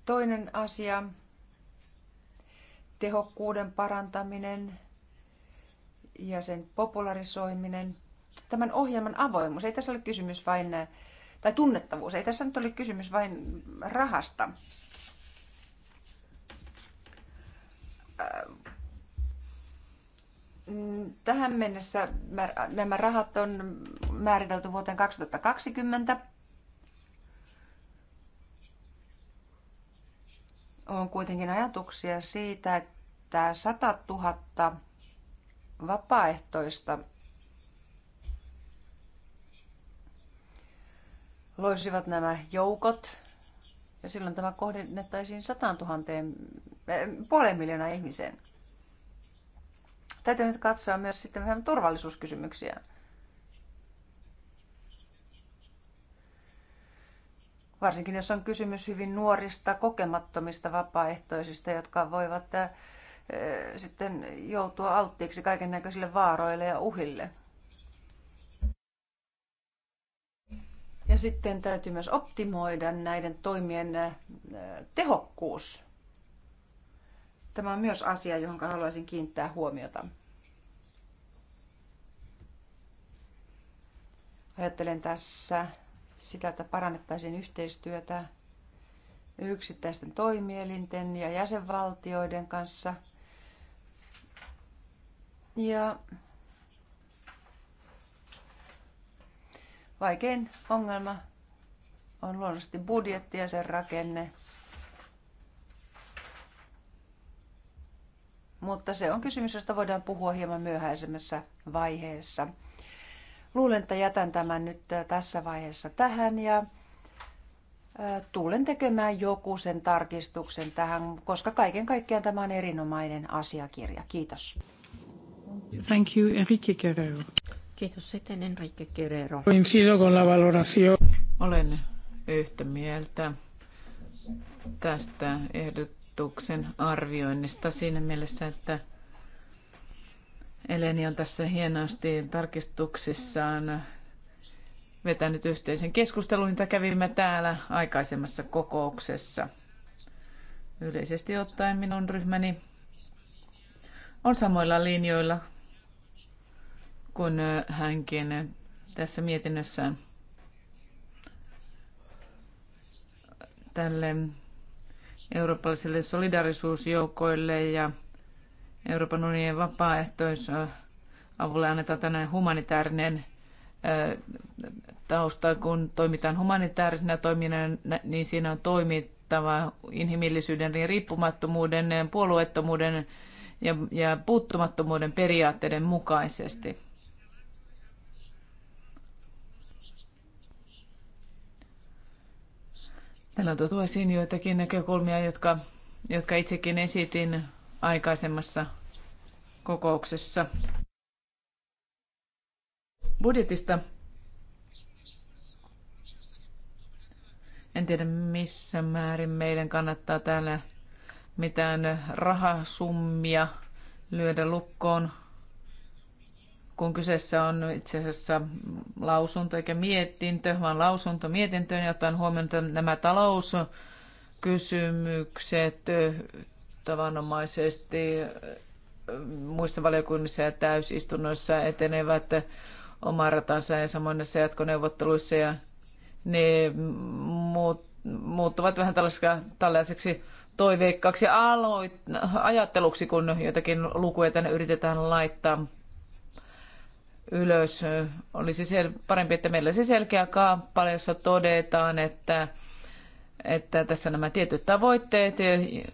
Toinen asia, tehokkuuden parantaminen ja sen popularisoiminen, tämän ohjelman avoimuus. Ei tässä ole kysymys vain, tai tunnettavuus, ei tässä nyt ole kysymys vain rahasta. Äh, tähän mennessä nämä rahat on määritelty vuoteen 2020. On kuitenkin ajatuksia siitä, että 100 000 vapaaehtoista, loisivat nämä joukot, ja silloin tämä kohdennettaisiin 100 000, eh, puoleen miljoonaan ihmiseen. Täytyy nyt katsoa myös sitten vähän turvallisuuskysymyksiä. Varsinkin jos on kysymys hyvin nuorista, kokemattomista vapaaehtoisista, jotka voivat eh, sitten joutua alttiiksi kaiken näköisille vaaroille ja uhille. Ja sitten täytyy myös optimoida näiden toimien tehokkuus. Tämä on myös asia, johon haluaisin kiinnittää huomiota. Ajattelen tässä sitä, että parannettaisiin yhteistyötä yksittäisten toimielinten ja jäsenvaltioiden kanssa – ja vaikein ongelma on luonnollisesti budjetti ja sen rakenne. Mutta se on kysymys, josta voidaan puhua hieman myöhäisemmässä vaiheessa. Luulen, että jätän tämän nyt äh, tässä vaiheessa tähän ja äh, tulen tekemään joku sen tarkistuksen tähän, koska kaiken kaikkiaan tämä on erinomainen asiakirja. Kiitos. Thank you, Enrique Guerrero. Kiitos sitten Enrique Guerrero. Coincido con la valoración. Olen yhtä mieltä tästä ehdotuksen arvioinnista siinä mielessä, että Eleni on tässä hienosti tarkistuksissaan vetänyt yhteisen keskustelun, jota kävimme täällä aikaisemmassa kokouksessa. Yleisesti ottaen minun ryhmäni on samoilla linjoilla kuin hänkin tässä mietinnössään. Tälle eurooppalaisille solidarisuusjoukoille ja Euroopan unionin vapaaehtoisavulle annetaan tänään humanitaarinen tausta, kun toimitaan humanitaarisena toiminnan, niin siinä on toimittava inhimillisyyden ja riippumattomuuden, puolueettomuuden ja, ja puuttumattomuuden periaatteiden mukaisesti. Täällä on tuotu esiin joitakin näkökulmia, jotka, jotka itsekin esitin aikaisemmassa kokouksessa. Budjetista en tiedä missä määrin meidän kannattaa täällä mitään rahasummia lyödä lukkoon, kun kyseessä on itse asiassa lausunto eikä mietintö, vaan lausunto mietintöön ja otan huomioon nämä talouskysymykset tavanomaisesti muissa valiokunnissa ja täysistunnoissa etenevät oma ratansa ja samoin näissä jatkoneuvotteluissa ja ne muuttuvat vähän tällaiseksi toiveikkaaksi aloit, ajatteluksi, kun joitakin lukuja tänne yritetään laittaa ylös. Olisi sel- parempi, että meillä olisi selkeä kappale, jossa todetaan, että, että tässä nämä tietyt tavoitteet,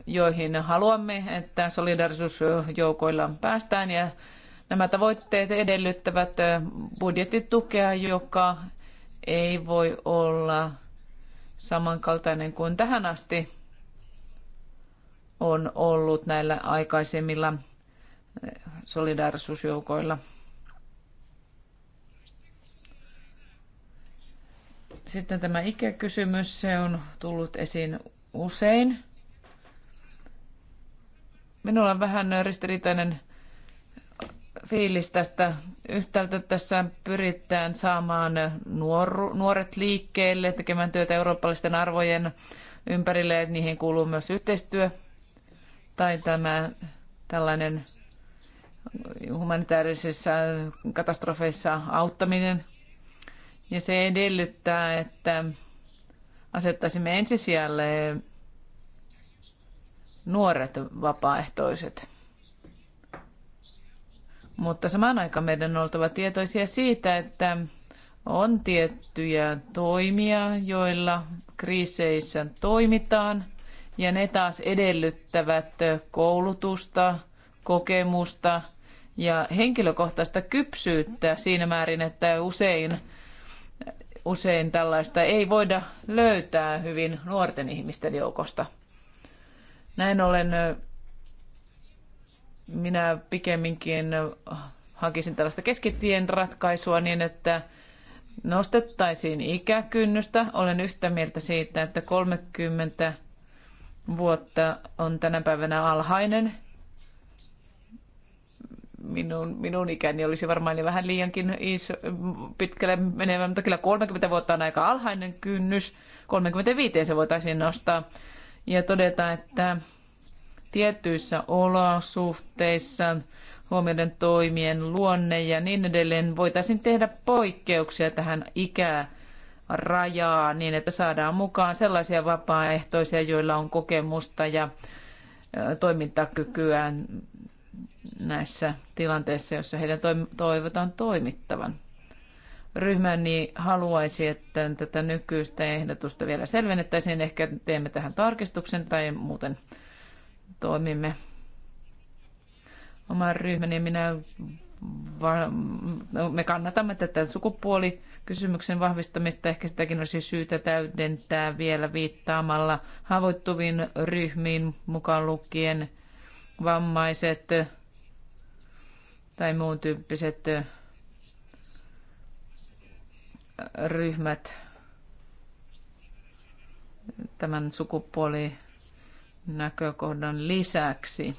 joihin haluamme, että solidarisuusjoukoilla päästään ja Nämä tavoitteet edellyttävät budjettitukea, joka ei voi olla samankaltainen kuin tähän asti on ollut näillä aikaisemmilla eh, solidaarisuusjoukoilla. Sitten tämä ikäkysymys, se on tullut esiin usein. Minulla on vähän ristiriitainen fiilis tästä. Yhtäältä tässä pyritään saamaan nuoru nuoret liikkeelle, tekemään työtä eurooppalaisten arvojen ympärille, että niihin kuuluu myös yhteistyö tai tämä tällainen humanitaarisissa katastrofeissa auttaminen. Ja se edellyttää, että asettaisimme ensisijalle nuoret vapaaehtoiset. Mutta samaan aikaan meidän on oltava tietoisia siitä, että on tiettyjä toimia, joilla kriiseissä toimitaan – ja ne taas edellyttävät koulutusta, kokemusta ja henkilökohtaista kypsyyttä siinä määrin, että usein, usein tällaista ei voida löytää hyvin nuorten ihmisten joukosta. Näin ollen minä pikemminkin hakisin tällaista keskitien ratkaisua niin, että nostettaisiin ikäkynnystä. Olen yhtä mieltä siitä, että 30 vuotta on tänä päivänä alhainen. Minun, minun ikäni olisi varmaan niin vähän liiankin iso, pitkälle menevä, mutta kyllä 30 vuotta on aika alhainen kynnys. 35 se voitaisiin nostaa ja todeta, että tietyissä olosuhteissa huomioiden toimien luonne ja niin edelleen voitaisiin tehdä poikkeuksia tähän ikään rajaa niin, että saadaan mukaan sellaisia vapaaehtoisia, joilla on kokemusta ja toimintakykyä näissä tilanteissa, joissa heidän toivotaan toimittavan. Ryhmäni haluaisi, että tätä nykyistä ehdotusta vielä selvennettäisiin. Ehkä teemme tähän tarkistuksen tai muuten toimimme oman ryhmäni. Minä No, me kannatamme tätä sukupuolikysymyksen vahvistamista. Ehkä sitäkin olisi syytä täydentää vielä viittaamalla haavoittuviin ryhmiin mukaan lukien vammaiset tai muun tyyppiset ryhmät tämän sukupuolinäkökohdan lisäksi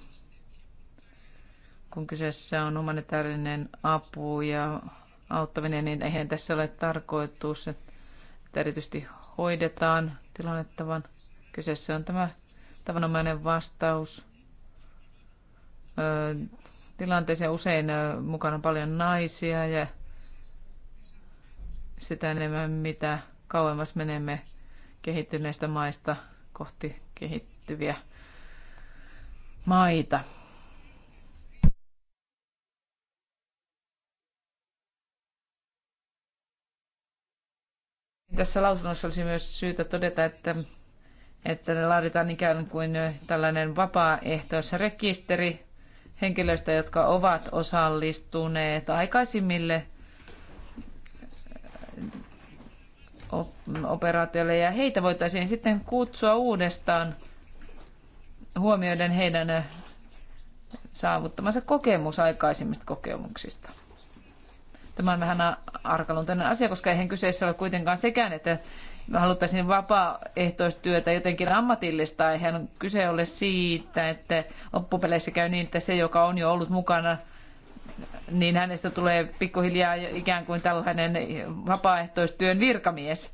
kun kyseessä on humanitaarinen apu ja auttaminen, niin eihän tässä ole tarkoitus, että erityisesti hoidetaan tilannetta, vaan kyseessä on tämä tavanomainen vastaus tilanteeseen. Usein mukana paljon naisia ja sitä enemmän, mitä kauemmas menemme kehittyneistä maista kohti kehittyviä maita. Tässä lausunnossa olisi myös syytä todeta, että, että ne laaditaan ikään kuin tällainen vapaaehtoisrekisteri henkilöistä, jotka ovat osallistuneet aikaisimmille eh, operaatioille ja heitä voitaisiin sitten kutsua uudestaan huomioiden heidän eh, saavuttamansa kokemus aikaisemmista kokemuksista. Tämä on vähän arkaluntainen asia, koska eihän kyseessä ole kuitenkaan sekään, että me haluttaisiin vapaaehtoistyötä jotenkin ammatillista. Eihän kyse ole siitä, että loppupeleissä käy niin, että se, joka on jo ollut mukana, niin hänestä tulee pikkuhiljaa ikään kuin tällainen vapaaehtoistyön virkamies.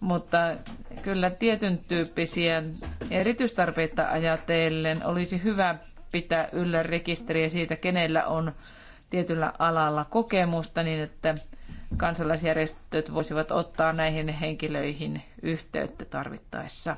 Mutta kyllä tietyn tyyppisiä erityistarpeita ajatellen olisi hyvä pitää yllä rekisteriä siitä, kenellä on tietyllä alalla kokemusta niin, että kansalaisjärjestöt voisivat ottaa näihin henkilöihin yhteyttä tarvittaessa.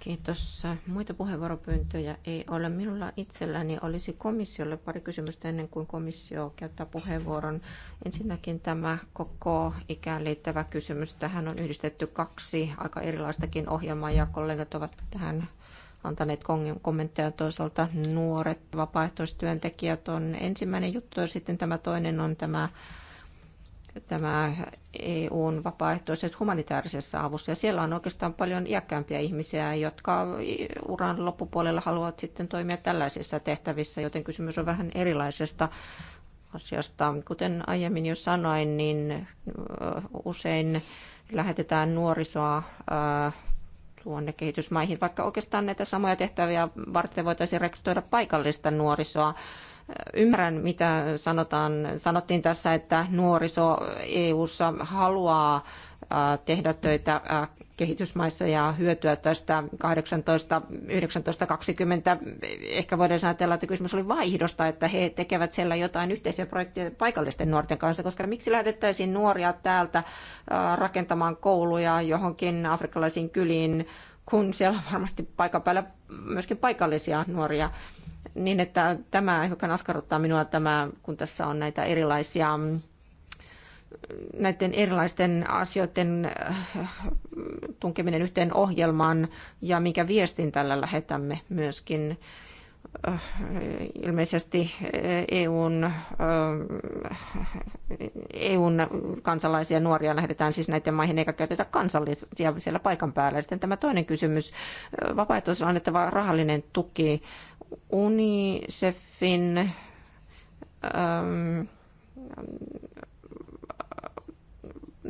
Kiitos. Muita puheenvuoropyyntöjä ei ole. Minulla itselläni olisi komissiolle pari kysymystä ennen kuin komissio käyttää puheenvuoron. Ensinnäkin tämä koko ikään liittävä kysymys. Tähän on yhdistetty kaksi aika erilaistakin ohjelmaa ja kollegat ovat tähän antaneet kommentteja. Toisaalta nuoret vapaaehtoistyöntekijät on ensimmäinen juttu ja sitten tämä toinen on tämä tämä EUn vapaaehtoiset humanitaarisessa avussa. Ja siellä on oikeastaan paljon iäkkäämpiä ihmisiä, jotka uran loppupuolella haluavat sitten toimia tällaisissa tehtävissä, joten kysymys on vähän erilaisesta asiasta. Kuten aiemmin jo sanoin, niin usein lähetetään nuorisoa tuonne kehitysmaihin, vaikka oikeastaan näitä samoja tehtäviä varten voitaisiin rekrytoida paikallista nuorisoa Ymmärrän, mitä sanotaan. sanottiin tässä, että nuoriso EU-ssa haluaa tehdä töitä kehitysmaissa ja hyötyä tästä 18, 19, 20. Ehkä voidaan ajatella, että kysymys oli vaihdosta, että he tekevät siellä jotain yhteisiä projekteja paikallisten nuorten kanssa, koska miksi lähetettäisiin nuoria täältä rakentamaan kouluja johonkin afrikkalaisiin kyliin, kun siellä on varmasti paikan päällä myöskin paikallisia nuoria niin, että tämä hiukan askarruttaa minua tämä, kun tässä on näitä erilaisia näiden erilaisten asioiden äh, tunkeminen yhteen ohjelmaan ja minkä viestin tällä lähetämme myöskin Äh, ilmeisesti EUn, äh, EUn kansalaisia nuoria lähetetään siis näiden maihin eikä käytetä kansallisia siellä paikan päällä. Sitten tämä toinen kysymys, äh, vapaaehtoisella annettava rahallinen tuki UNICEFin ähm,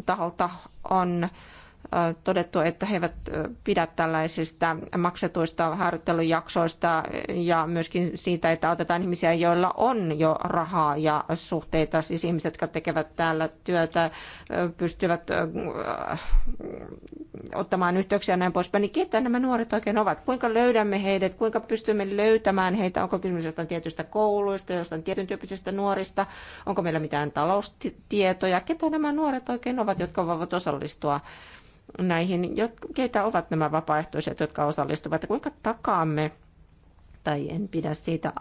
taholta on todettu, että he eivät pidä tällaisista maksetuista harjoittelujaksoista ja myöskin siitä, että autetaan ihmisiä, joilla on jo rahaa ja suhteita. Siis ihmiset, jotka tekevät täällä työtä, pystyvät ottamaan yhteyksiä ja näin poispäin. Niin ketä nämä nuoret oikein ovat? Kuinka löydämme heidät? Kuinka pystymme löytämään heitä? Onko kysymys jostain tietystä kouluista, jostain tietyn tyyppisistä nuorista? Onko meillä mitään taloustietoja? Ketä nämä nuoret oikein ovat, jotka voivat osallistua? näihin, keitä ovat nämä vapaaehtoiset, jotka osallistuvat ja kuinka takaamme tai en pidä siitä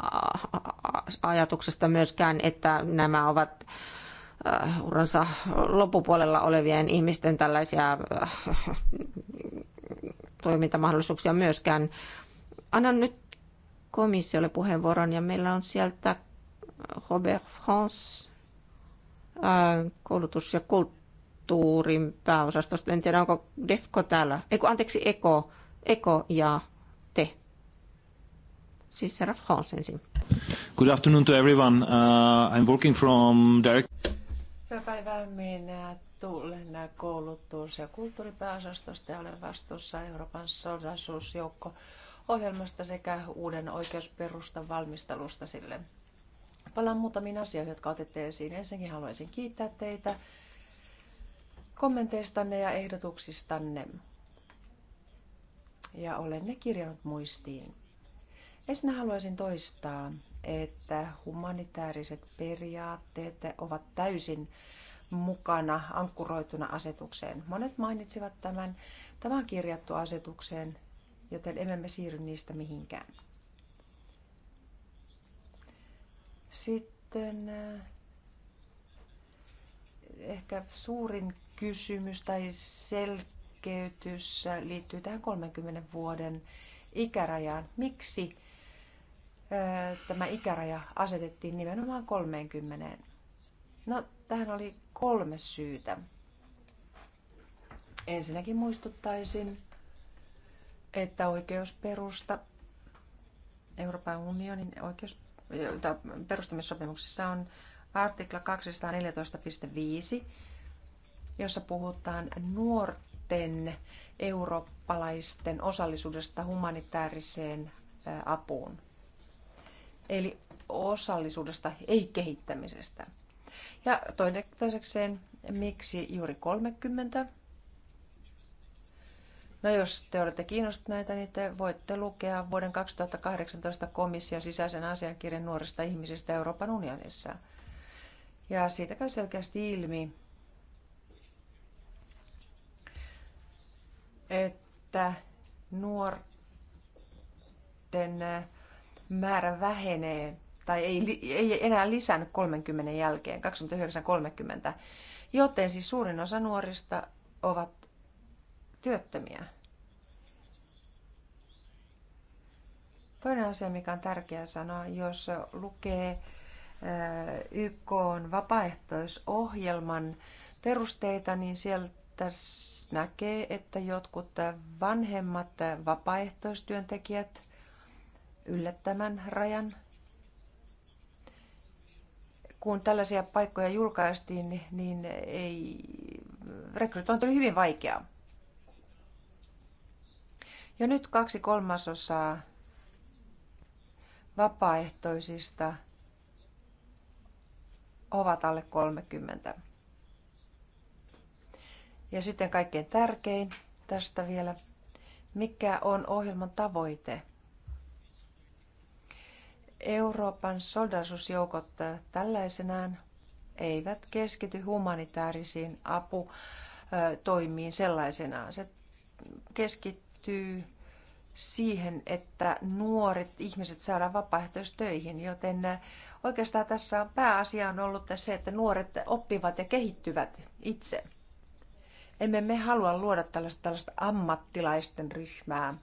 ajatuksesta myöskään, että nämä ovat äh, uransa loppupuolella olevien ihmisten tällaisia äh, toimintamahdollisuuksia myöskään. Annan nyt komissiolle puheenvuoron ja meillä on sieltä Robert France, äh, koulutus- ja kulttuuri kulttuurin pääosastosta. En tiedä, onko Defco täällä. Eiku, anteeksi, Eko, Eko ja te. Siis Seraf Hans ensin. Good afternoon to everyone. Uh, I'm working from direct... Hyvää päivää. Minä tulen koulutus- ja kulttuuripääosastosta ja olen vastuussa Euroopan sodaisuusjoukko ohjelmasta sekä uuden oikeusperustan valmistelusta sille. Palaan muutamiin asioihin, jotka otitte esiin. Ensinnäkin haluaisin kiittää teitä kommenteistanne ja ehdotuksistanne. Ja olen ne kirjannut muistiin. Ensin haluaisin toistaa, että humanitaariset periaatteet ovat täysin mukana ankkuroituna asetukseen. Monet mainitsivat tämän. Tämä on kirjattu asetukseen, joten emme me siirry niistä mihinkään. Sitten äh, ehkä suurin kysymys tai selkeytys liittyy tähän 30 vuoden ikärajaan. Miksi tämä ikäraja asetettiin nimenomaan 30? No, tähän oli kolme syytä. Ensinnäkin muistuttaisin, että oikeusperusta Euroopan unionin oikeus, perustamissopimuksessa on artikla 214.5, jossa puhutaan nuorten eurooppalaisten osallisuudesta humanitaariseen apuun. Eli osallisuudesta, ei kehittämisestä. Ja toisekseen, miksi juuri 30? No jos te olette kiinnostuneita, niin te voitte lukea vuoden 2018 komission sisäisen asiakirjan nuorista ihmisistä Euroopan unionissa – ja siitä käy selkeästi ilmi, että nuorten määrä vähenee tai ei, ei enää lisännyt 30 jälkeen, 29-30, joten siis suurin osa nuorista ovat työttömiä. Toinen asia, mikä on tärkeää sanoa, jos lukee YK on vapaaehtoisohjelman perusteita, niin sieltä näkee, että jotkut vanhemmat vapaaehtoistyöntekijät yllättämän rajan kun tällaisia paikkoja julkaistiin, niin, niin ei, rekrytointi oli hyvin vaikeaa. Jo nyt kaksi kolmasosaa vapaaehtoisista ovat alle 30. Ja sitten kaikkein tärkein tästä vielä, mikä on ohjelman tavoite? Euroopan soldaisuusjoukot tällaisenaan eivät keskity humanitaarisiin aputoimiin sellaisenaan. Se keskittyy siihen, että nuoret ihmiset saadaan vapaaehtoistöihin, joten äh, oikeastaan tässä on pääasia on ollut se, että nuoret oppivat ja kehittyvät itse. Emme me halua luoda tällaista, tällaista ammattilaisten ryhmää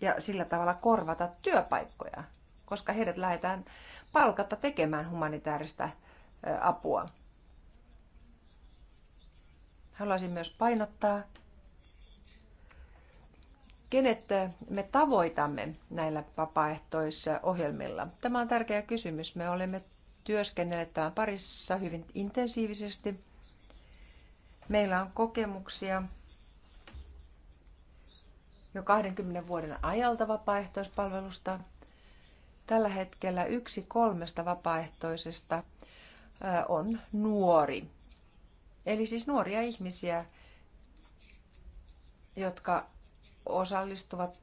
ja sillä tavalla korvata työpaikkoja, koska heidät lähdetään palkatta tekemään humanitaarista äh, apua. Haluaisin myös painottaa, kenet me tavoitamme näillä ohjelmilla? Tämä on tärkeä kysymys. Me olemme työskennelleet tämän parissa hyvin intensiivisesti. Meillä on kokemuksia jo 20 vuoden ajalta vapaaehtoispalvelusta. Tällä hetkellä yksi kolmesta vapaaehtoisesta on nuori. Eli siis nuoria ihmisiä, jotka osallistuvat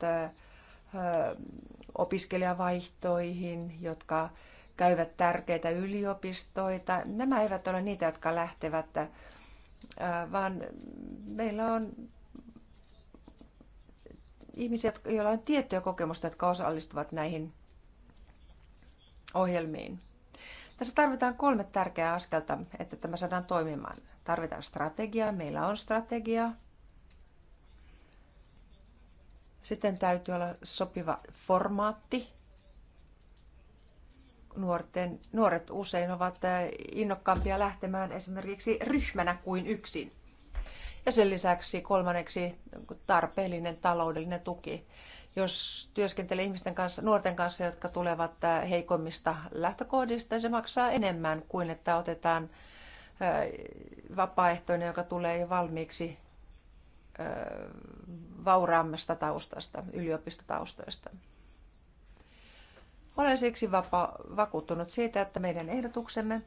opiskelijavaihtoihin, jotka käyvät tärkeitä yliopistoita. Nämä eivät ole niitä, jotka lähtevät, vaan meillä on ihmisiä, joilla on tiettyjä kokemusta, jotka osallistuvat näihin ohjelmiin. Tässä tarvitaan kolme tärkeää askelta, että tämä saadaan toimimaan. Tarvitaan strategiaa, meillä on strategia, sitten täytyy olla sopiva formaatti. Nuorten, nuoret usein ovat innokkaampia lähtemään esimerkiksi ryhmänä kuin yksin. Ja sen lisäksi kolmanneksi tarpeellinen taloudellinen tuki. Jos työskentelee ihmisten kanssa, nuorten kanssa, jotka tulevat heikommista lähtökohdista, se maksaa enemmän kuin että otetaan vapaaehtoinen, joka tulee jo valmiiksi vauraammasta taustasta, yliopistotaustoista. Olen siksi vapa- vakuuttunut siitä, että meidän ehdotuksemme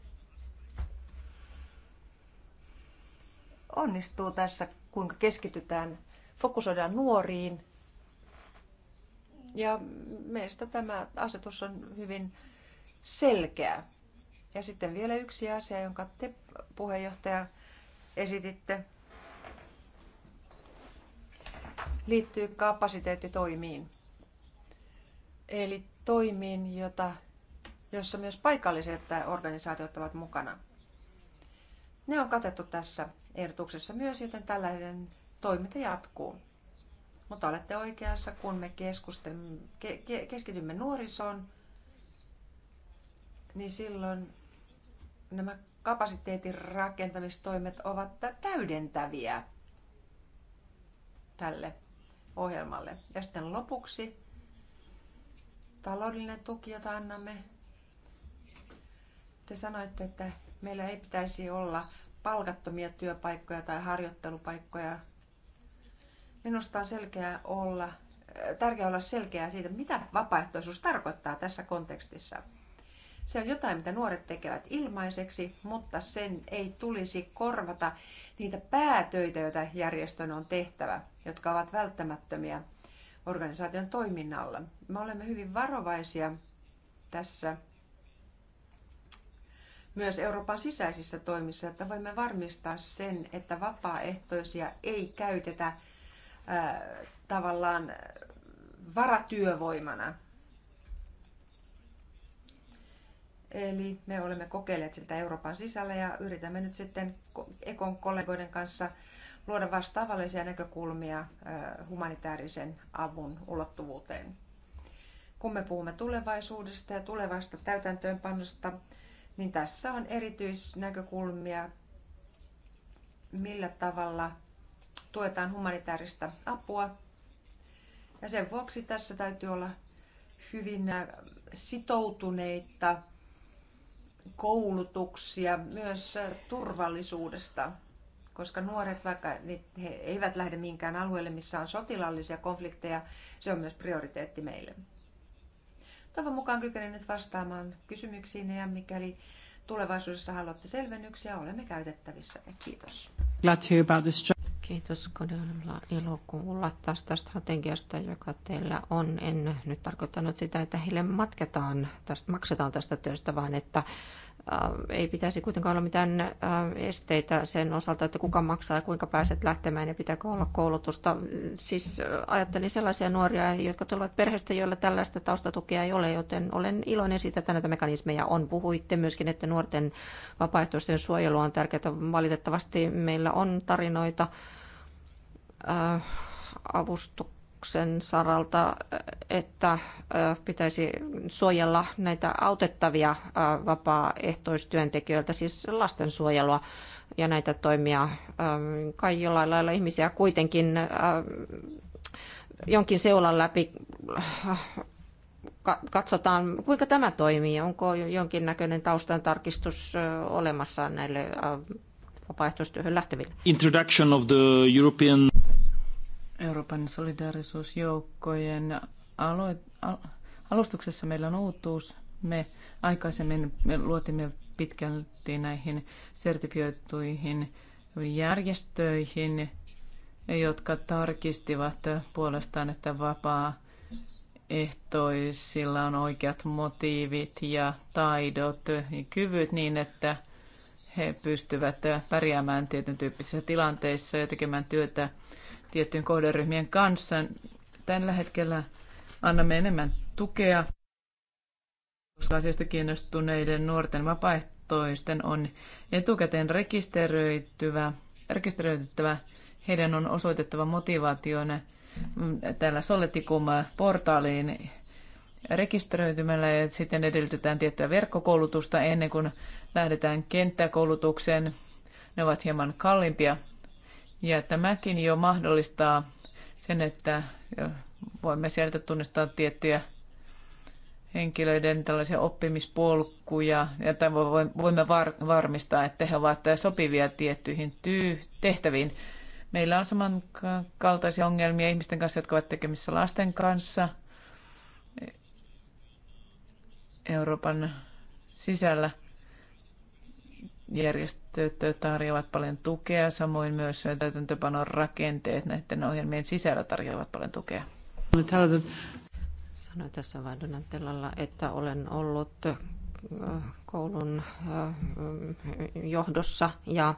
onnistuu tässä, kuinka keskitytään, fokusoidaan nuoriin. Ja meistä tämä asetus on hyvin selkeä. Ja sitten vielä yksi asia, jonka te puheenjohtaja esititte. liittyy kapasiteettitoimiin. Eli toimiin, jota, jossa myös paikalliset organisaatiot ovat mukana. Ne on katettu tässä ehdotuksessa myös, joten tällainen toiminta jatkuu. Mutta olette oikeassa, kun me ke, keskitymme nuorisoon, niin silloin nämä kapasiteetin rakentamistoimet ovat täydentäviä tälle ohjelmalle. Ja sitten lopuksi taloudellinen tuki, jota annamme. Te sanoitte, että meillä ei pitäisi olla palkattomia työpaikkoja tai harjoittelupaikkoja. Minusta on selkeää olla, tärkeää olla selkeää siitä, mitä vapaaehtoisuus tarkoittaa tässä kontekstissa. Se on jotain, mitä nuoret tekevät ilmaiseksi, mutta sen ei tulisi korvata niitä päätöitä, joita järjestön on tehtävä, jotka ovat välttämättömiä organisaation toiminnalla. Me olemme hyvin varovaisia tässä myös Euroopan sisäisissä toimissa, että voimme varmistaa sen, että vapaaehtoisia ei käytetä äh, tavallaan varatyövoimana Eli me olemme kokeilleet sitä Euroopan sisällä ja yritämme nyt sitten Ekon kollegoiden kanssa luoda vastaavallisia näkökulmia humanitaarisen avun ulottuvuuteen. Kun me puhumme tulevaisuudesta ja tulevasta täytäntöönpanosta, niin tässä on erityisnäkökulmia, millä tavalla tuetaan humanitaarista apua. Ja sen vuoksi tässä täytyy olla hyvin sitoutuneita koulutuksia myös turvallisuudesta, koska nuoret, vaikka he eivät lähde minkään alueelle, missä on sotilaallisia konflikteja, se on myös prioriteetti meille. Toivon mukaan kykenen nyt vastaamaan kysymyksiin ja mikäli tulevaisuudessa haluatte selvennyksiä, olemme käytettävissä. Kiitos. Glad to hear about this job. Kiitos kodilla elokuulla tästä strategiasta, joka teillä on. En nyt tarkoittanut sitä, että heille matketaan, tästä, maksetaan tästä työstä, vaan että Äh, ei pitäisi kuitenkaan olla mitään äh, esteitä sen osalta, että kuka maksaa ja kuinka pääset lähtemään ja pitääkö olla koulutusta. Siis äh, ajattelin sellaisia nuoria, jotka tulevat perheestä, joilla tällaista taustatukea ei ole, joten olen iloinen siitä, että näitä mekanismeja on. Puhuitte myöskin, että nuorten vapaaehtoisten suojelu on tärkeää. Valitettavasti meillä on tarinoita avustuksia ajatuksen saralta, että pitäisi suojella näitä autettavia vapaaehtoistyöntekijöiltä, siis lastensuojelua ja näitä toimia. Kai jollain lailla ihmisiä kuitenkin jonkin seulan läpi katsotaan, kuinka tämä toimii. Onko jonkinnäköinen taustan tarkistus olemassa näille vapaaehtoistyöhön lähteville? Introduction of the European Euroopan solidaarisuusjoukkojen alo- alustuksessa meillä on uutuus. Me aikaisemmin me luotimme pitkälti näihin sertifioituihin järjestöihin, jotka tarkistivat puolestaan, että vapaa ehtoisilla on oikeat motiivit ja taidot ja kyvyt niin, että he pystyvät pärjäämään tietyn tyyppisissä tilanteissa ja tekemään työtä tiettyjen kohderyhmien kanssa. Tällä hetkellä annamme enemmän tukea koska asiasta kiinnostuneiden nuorten vapaaehtoisten on etukäteen rekisteröityvä, rekisteröityttävä. Heidän on osoitettava motivaationa täällä Solleticum-portaaliin rekisteröitymällä ja sitten edellytetään tiettyä verkkokoulutusta ennen kuin lähdetään kenttäkoulutukseen. Ne ovat hieman kalliimpia ja tämäkin jo mahdollistaa sen, että voimme sieltä tunnistaa tiettyjä henkilöiden tällaisia oppimispolkuja, ja voimme var- varmistaa, että he ovat sopivia tiettyihin tehtäviin. Meillä on samankaltaisia ongelmia ihmisten kanssa, jotka ovat tekemissä lasten kanssa Euroopan sisällä – järjestöt tarjoavat paljon tukea, samoin myös täytäntöpanon rakenteet näiden ohjelmien sisällä tarjoavat paljon tukea. Sanoin tässä vain Donatellalla, että olen ollut äh, koulun äh, johdossa ja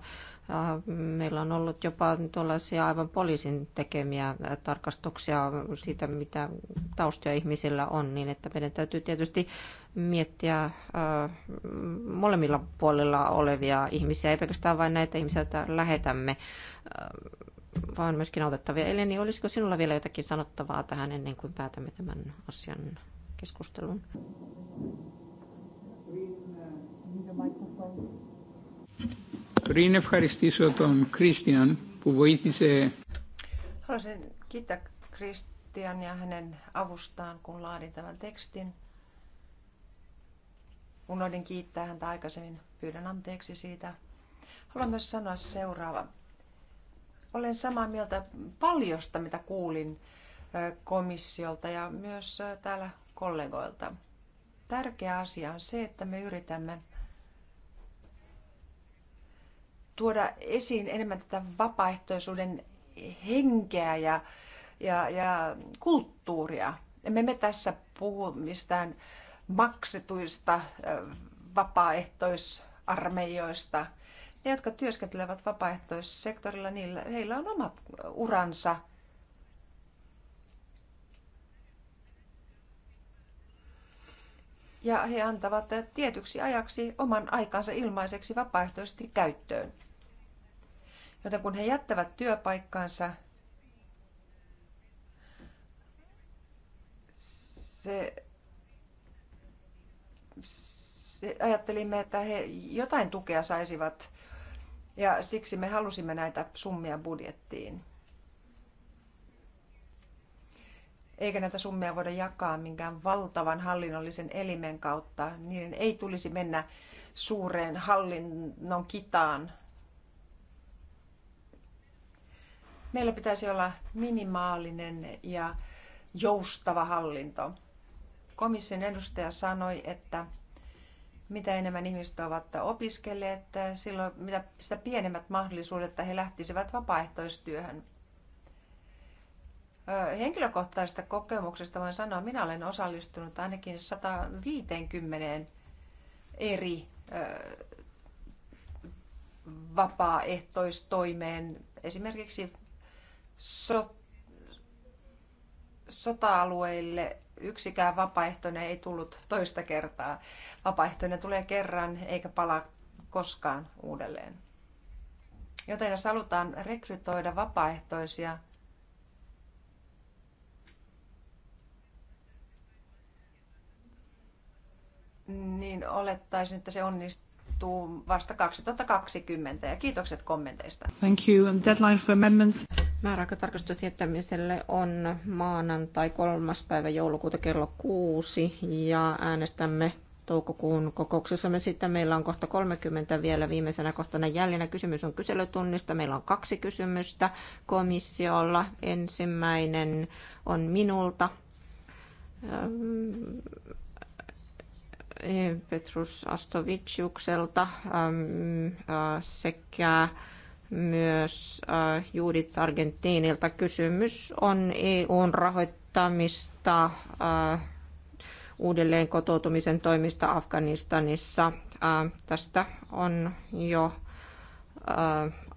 Äh, meillä on ollut jopa tuollaisia aivan poliisin tekemiä äh, tarkastuksia siitä, mitä taustoja ihmisillä on, niin että meidän täytyy tietysti miettiä äh, molemmilla puolilla olevia ihmisiä, ei pelkästään vain näitä ihmisiä, joita lähetämme, vaan myöskin autettavia. Eleni, olisiko sinulla vielä jotakin sanottavaa tähän ennen kuin päätämme tämän asian keskustelun? Niin, Πριν ευχαριστήσω τον Κρίστιαν που βοήθησε. Haluaisin kiittää Kristian ja hänen avustaan, kun laadin tämän tekstin. Unohdin kiittää häntä aikaisemmin. Pyydän anteeksi siitä. Haluan myös sanoa seuraava. Olen samaa mieltä paljosta, mitä kuulin komissiolta ja myös täällä kollegoilta. Tärkeä asia on se, että me yritämme tuoda esiin enemmän tätä vapaaehtoisuuden henkeä ja, ja, ja kulttuuria. Emme me tässä puhu mistään maksetuista vapaaehtoisarmeijoista. Ne, jotka työskentelevät vapaaehtoissektorilla, niillä, heillä on omat uransa. Ja he antavat tietyksi ajaksi oman aikansa ilmaiseksi vapaaehtoisesti käyttöön. Joten kun he jättävät työpaikkansa, se, se, ajattelimme, että he jotain tukea saisivat ja siksi me halusimme näitä summia budjettiin. Eikä näitä summia voida jakaa minkään valtavan hallinnollisen elimen kautta. Niiden ei tulisi mennä suureen hallinnon kitaan, Meillä pitäisi olla minimaalinen ja joustava hallinto. Komission edustaja sanoi, että mitä enemmän ihmiset ovat opiskelleet, silloin mitä, sitä pienemmät mahdollisuudet, että he lähtisivät vapaaehtoistyöhön. Henkilökohtaisesta kokemuksesta voin sanoa, minä olen osallistunut ainakin 150 eri vapaaehtoistoimeen, esimerkiksi so, sota-alueille yksikään vapaaehtoinen ei tullut toista kertaa. Vapaaehtoinen tulee kerran eikä palaa koskaan uudelleen. Joten jos halutaan rekrytoida vapaaehtoisia, niin olettaisin, että se onnistuu tapahtuu vasta 2020. Ja kiitokset kommenteista. Thank you. Deadline for amendments. Määräaika jättämiselle on maanantai 3. päivä joulukuuta kello 6 ja äänestämme toukokuun kokouksessa. Me sitten meillä on kohta 30 vielä viimeisenä kohtana jäljellä. Kysymys on kyselytunnista. Meillä on kaksi kysymystä komissiolla. Ensimmäinen on minulta öö, Petrus Astovitsiukselta ähm, äh, sekä myös äh, Judith Argentiinilta. Kysymys on EUn rahoittamista äh, uudelleen kotoutumisen toimista Afganistanissa. Tästä on jo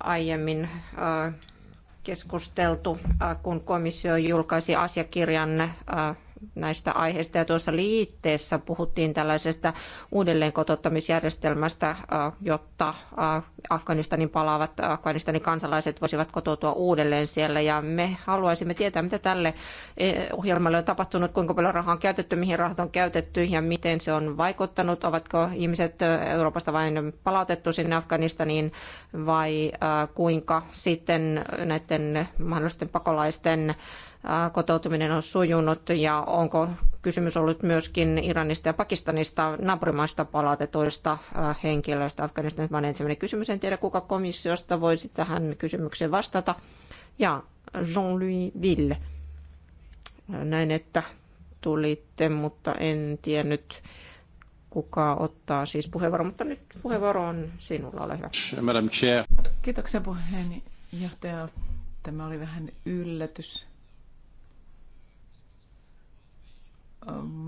aiemmin keskusteltu, kun komissio julkaisi asiakirjan näistä aiheista. Ja tuossa liitteessä puhuttiin tällaisesta uudelleenkotottamisjärjestelmästä, äh, jotta äh, Afganistanin palaavat äh, Afganistanin kansalaiset voisivat kotoutua uudelleen siellä. Ja me haluaisimme tietää, mitä tälle eh, ohjelmalle on tapahtunut, kuinka paljon rahaa on käytetty, mihin rahat on käytetty ja miten se on vaikuttanut. Ovatko ihmiset Euroopasta vain palautettu sinne Afganistaniin vai kuinka sitten näiden mahdollisten pakolaisten kotoutuminen on sujunut ja onko kysymys ollut myöskin Iranista ja Pakistanista naapurimaista palautetuista henkilöistä Afganistanista. Vaan ensimmäinen kysymys, en tiedä kuka komissiosta voisi tähän kysymykseen vastata. Ja Jean-Louis Ville. Näin, että tulitte, mutta en nyt kuka ottaa siis puheenvuoron, mutta nyt puheenvuoro on sinulla, ole hyvä. Madam Chair. Kiitoksia puheenjohtaja. Tämä oli vähän yllätys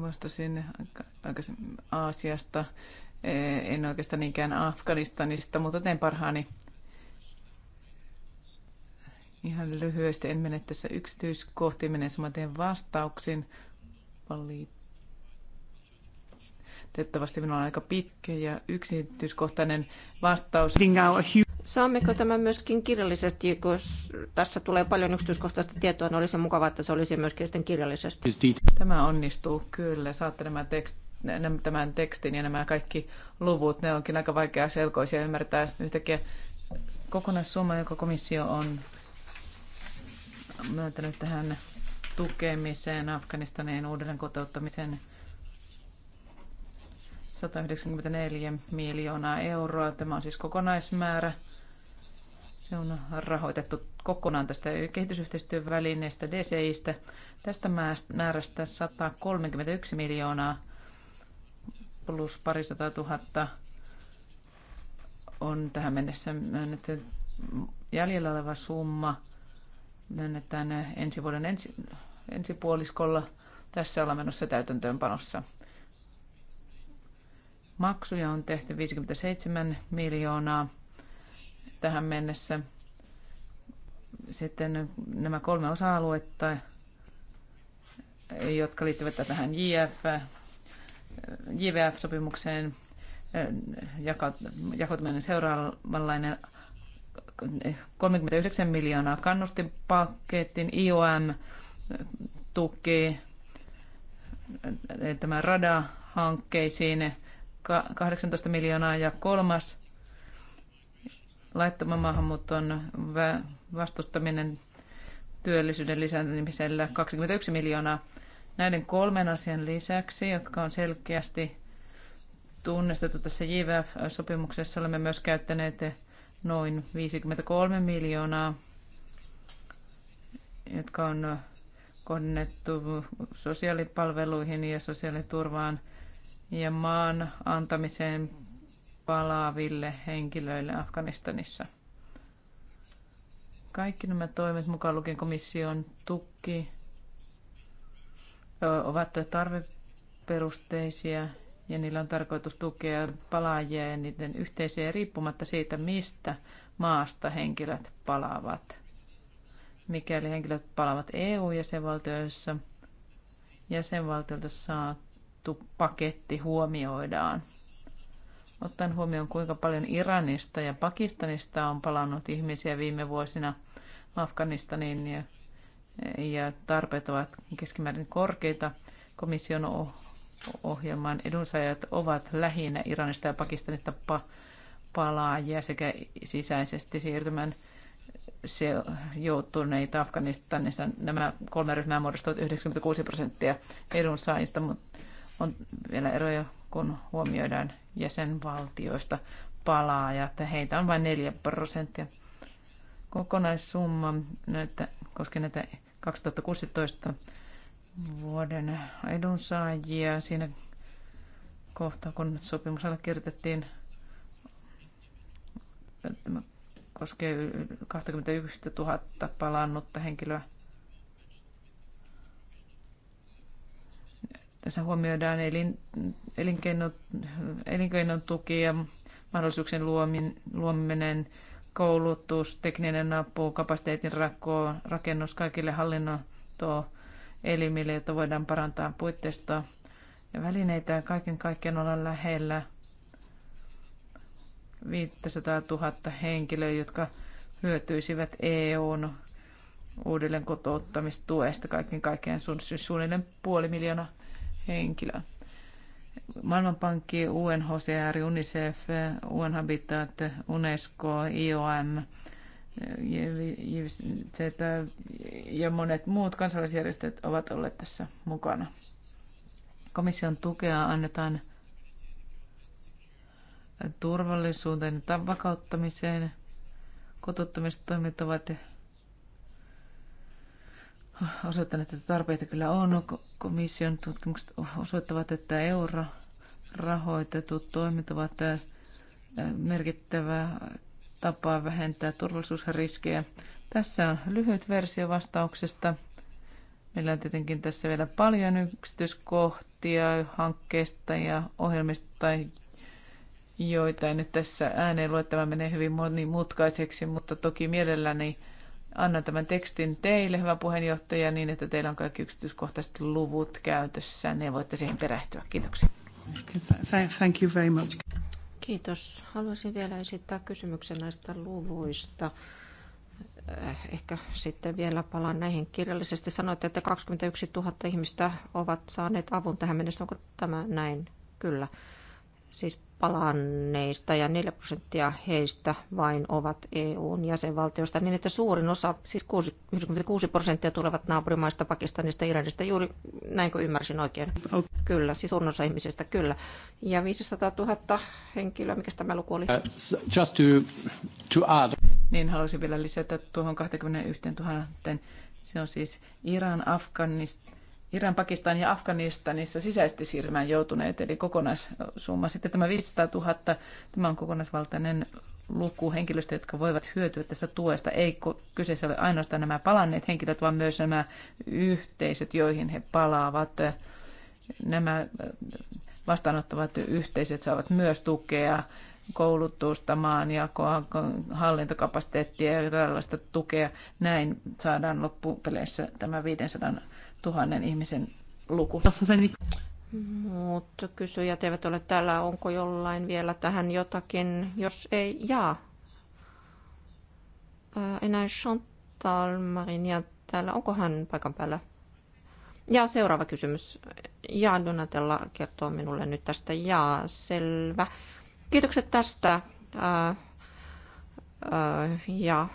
vastasin aikaisemmin Aasiasta, eh, en oikeastaan niinkään Afganistanista, mutta teen parhaani. Ihan lyhyesti, en mene tässä yksityiskohtiin, menen samaten vastauksiin. Valitettavasti minulla on aika pitkä ja yksityiskohtainen vastaus. Saammeko tämä myöskin kirjallisesti, koska tässä tulee paljon yksityiskohtaista tietoa, niin olisi mukavaa, että se olisi myöskin sitten kirjallisesti. Tämä onnistuu kyllä. Saatte nämä tekst, tämän tekstin ja nämä kaikki luvut, ne onkin aika vaikea selkoisia ymmärtää yhtäkkiä. Kokonaissumma, joka komissio on myöntänyt tähän tukemiseen, Afganistanin uudelleen kotouttamisen 194 miljoonaa euroa. Tämä on siis kokonaismäärä. Se on rahoitettu kokonaan tästä kehitysyhteistyövälineestä DCIstä. Tästä määrästä 131 miljoonaa plus parisata tuhatta on tähän mennessä myönnetty jäljellä oleva summa. Myönnetään ensi vuoden ensi, puoliskolla. Tässä ollaan menossa täytäntöönpanossa. Maksuja on tehty 57 miljoonaa tähän mennessä. Sitten nämä kolme osa-aluetta, jotka liittyvät tähän JF, JVF-sopimukseen, jakautuminen seuraavanlainen 39 miljoonaa kannustinpakettiin, IOM tuki, tämä rada-hankkeisiin 18 miljoonaa ja kolmas laittoman maahanmuuton vastustaminen työllisyyden lisääntymisellä 21 miljoonaa. Näiden kolmen asian lisäksi, jotka on selkeästi tunnistettu tässä JVF-sopimuksessa, olemme myös käyttäneet noin 53 miljoonaa, jotka on kohdennettu sosiaalipalveluihin ja sosiaaliturvaan ja maan antamiseen palaaville henkilöille Afganistanissa. Kaikki nämä toimet, mukaan lukien komission tuki, ovat tarveperusteisia ja niillä on tarkoitus tukea palaajia ja niiden yhteisöjä riippumatta siitä, mistä maasta henkilöt palaavat. Mikäli henkilöt palaavat EU-jäsenvaltioissa, jäsenvaltiolta saatu paketti huomioidaan. Ottaen huomioon, kuinka paljon Iranista ja Pakistanista on palannut ihmisiä viime vuosina Afganistaniin ja, ja tarpeet ovat keskimäärin korkeita, komission ohjelman edunsaajat ovat lähinnä Iranista ja Pakistanista pa- palaajia sekä sisäisesti siirtymään se joutuneita Afganistanissa. Nämä kolme ryhmää muodostavat 96 prosenttia edunsaajista, mutta on vielä eroja kun huomioidaan jäsenvaltioista että Heitä on vain 4 prosenttia. Kokonaissumma näitä, koskee näitä 2016 vuoden edunsaajia siinä kohtaa, kun sopimus allekirjoitettiin. koskee 21 000 palannutta henkilöä. Tässä huomioidaan elin, elinkeinon, elinkeinon tuki ja mahdollisuuksien luominen, koulutus, tekninen apu, kapasiteetin rakko, rakennus kaikille hallinnon elimille, jotta voidaan parantaa puitteistoa ja välineitä. Kaiken kaikkiaan olla lähellä 500 000 henkilöä, jotka hyötyisivät EUn uudelleen kotouttamistuesta kaiken kaikkiaan siis suunnilleen puoli miljoonaa henkilö. Maailmanpankki, UNHCR, UNICEF, UN Habitat, UNESCO, IOM, ja monet muut kansalaisjärjestöt ovat olleet tässä mukana. Komission tukea annetaan turvallisuuden ja vakauttamiseen. Kotuttamistoimet ovat osoittaneet, että tarpeita kyllä on. Komission tutkimukset osoittavat, että euro rahoitetut toimet ovat merkittävä tapa vähentää turvallisuusriskejä. Tässä on lyhyt versio vastauksesta. Meillä on tietenkin tässä vielä paljon yksityiskohtia hankkeista ja ohjelmista, joita nyt tässä ääneen luettava menee hyvin monimutkaiseksi, mutta toki mielelläni Annan tämän tekstin teille, hyvä puheenjohtaja, niin että teillä on kaikki yksityiskohtaiset luvut käytössä. Ne voitte siihen perehtyä. Kiitoksia. Thank you very much. Kiitos. Haluaisin vielä esittää kysymyksen näistä luvuista eh, ehkä sitten vielä palaan näihin kirjallisesti. Sanoitte, että 21 000 ihmistä ovat saaneet avun tähän mennessä. Onko tämä näin? Kyllä. Siis palanneista ja 4 prosenttia heistä vain ovat EUn jäsenvaltioista, niin että suurin osa, siis 96 prosenttia tulevat naapurimaista, Pakistanista, Iranista, juuri näinkö ymmärsin oikein? Kyllä, siis suurin osa ihmisistä, kyllä. Ja 500 000 henkilöä, mikä tämä luku oli? Uh, just to, to add. Niin, haluaisin vielä lisätä tuohon 21 000. Se on siis Iran, Afganistan, Iran, Pakistan ja Afganistanissa sisäisesti siirtymään joutuneet, eli kokonaissumma. Sitten tämä 500 000, tämä on kokonaisvaltainen luku henkilöstä, jotka voivat hyötyä tästä tuesta. Ei kyseessä ole ainoastaan nämä palanneet henkilöt, vaan myös nämä yhteisöt, joihin he palaavat. Nämä äh, vastaanottavat yhteisöt saavat myös tukea koulutusta, maanjakoa, hallintokapasiteettia ja tällaista tukea. Näin saadaan loppupeleissä tämä 500 tuhannen ihmisen luku. Mutta kysyjät eivät ole täällä. Onko jollain vielä tähän jotakin, jos ei jaa? Äh, enää Chantal Marinia täällä. Onko hän paikan päällä? Ja seuraava kysymys. Ja Donatella kertoo minulle nyt tästä. Ja selvä. Kiitokset tästä. Äh, äh, ja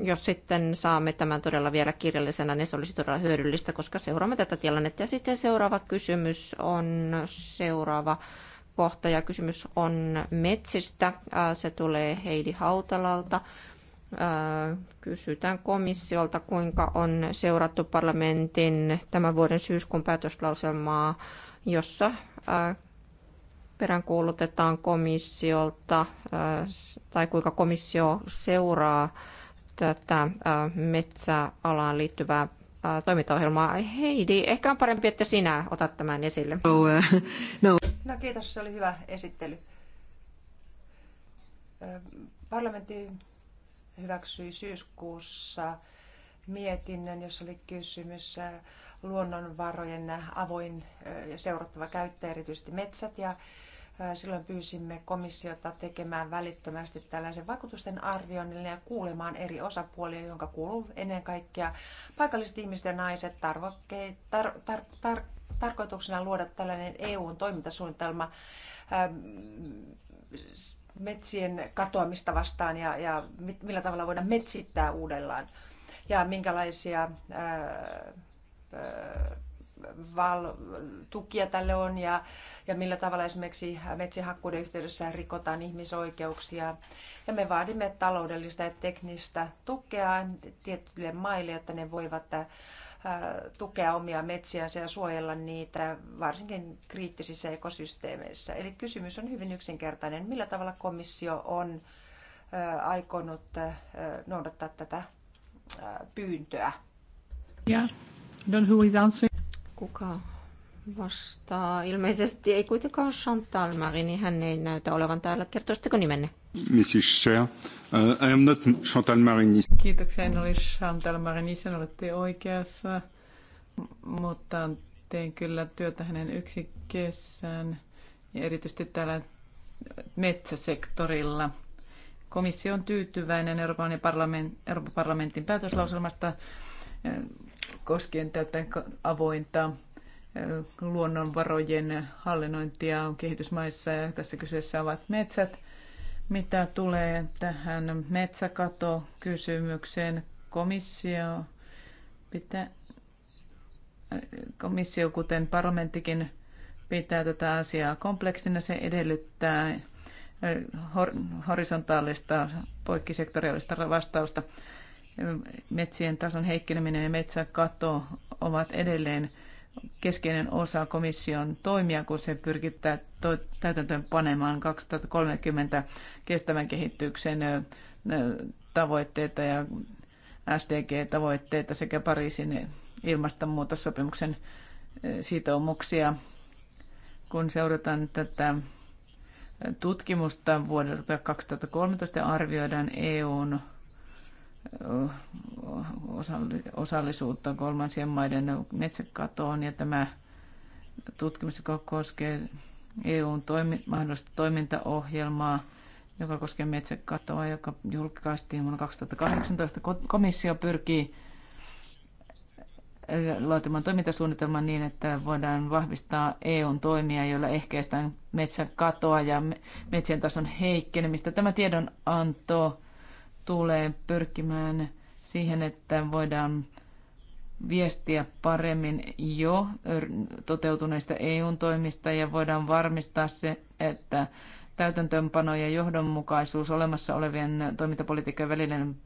jos sitten saamme tämän todella vielä kirjallisena, niin se olisi todella hyödyllistä, koska seuraamme tätä tilannetta. Ja sitten seuraava kysymys on seuraava kohta, ja kysymys on metsistä. Se tulee Heidi Hautalalta. Kysytään komissiolta, kuinka on seurattu parlamentin tämän vuoden syyskuun päätöslauselmaa, jossa peräänkuulutetaan komissiolta, tai kuinka komissio seuraa tätä metsäalaan liittyvää toimintaohjelmaa. Heidi, ehkä on parempi, että sinä otat tämän esille. No, no. no kiitos, se oli hyvä esittely. Parlamentti hyväksyi syyskuussa mietinnön, jossa oli kysymys luonnonvarojen avoin ja seurattava käyttö, erityisesti metsät. Ja Silloin pyysimme komissiota tekemään välittömästi tällaisen vaikutusten arvioinnin ja kuulemaan eri osapuolia, jonka kuuluu ennen kaikkea paikalliset ihmiset ja naiset tarvokkeet, tar, tar, tar, tarkoituksena luoda tällainen EUn toimintasuunnitelma metsien katoamista vastaan ja, ja millä tavalla voidaan metsittää uudellaan ja minkälaisia ää, ää, val, tukia tälle on ja, ja millä tavalla esimerkiksi metsihakkuuden yhteydessä rikotaan ihmisoikeuksia. Ja me vaadimme taloudellista ja teknistä tukea tietyille maille, jotta ne voivat äh, tukea omia metsiänsä ja suojella niitä varsinkin kriittisissä ekosysteemeissä. Eli kysymys on hyvin yksinkertainen. Millä tavalla komissio on äh, aikonut äh, noudattaa tätä pyyntöä? Yeah. Don't who is answering. Kuka vastaa? Ilmeisesti ei kuitenkaan Chantal Marie, niin hän ei näytä olevan täällä. Kertoisitteko nimenne? Mrs. Chair, uh, I am not Chantal Marini. Kiitoksia, en ole Chantal Marini, sen olette oikeassa, mutta teen kyllä työtä hänen yksikössään ja erityisesti täällä metsäsektorilla. Komissio on tyytyväinen Euroopan, ja parlament, Euroopan parlamentin päätöslauselmasta koskien tätä avointa luonnonvarojen hallinnointia on kehitysmaissa ja tässä kyseessä ovat metsät. Mitä tulee tähän metsäkatokysymykseen, komissio, pitää, komissio kuten parlamenttikin pitää tätä asiaa kompleksina. Se edellyttää horisontaalista poikkisektoriaalista vastausta metsien tason heikkeneminen ja metsäkato ovat edelleen keskeinen osa komission toimia, kun se pyrkittää täytäntöön panemaan 2030 kestävän kehityksen tavoitteita ja SDG-tavoitteita sekä Pariisin ilmastonmuutossopimuksen sitoumuksia. Kun seurataan tätä tutkimusta vuodelta 2013 arvioidaan EUn osallisuutta kolmansien maiden metsäkatoon ja tämä tutkimus, joka koskee EUn toimi, mahdollista toimintaohjelmaa, joka koskee metsäkatoa, joka julkaistiin vuonna 2018. Komissio pyrkii äh, laatimaan toimintasuunnitelman niin, että voidaan vahvistaa EUn toimia, joilla ehkäistään metsäkatoa ja metsien tason heikkenemistä. Tämä tiedonanto tulee pyrkimään siihen, että voidaan viestiä paremmin jo toteutuneista EU-toimista ja voidaan varmistaa se, että täytäntöönpano ja johdonmukaisuus olemassa olevien toimintapolitiikkojen välinen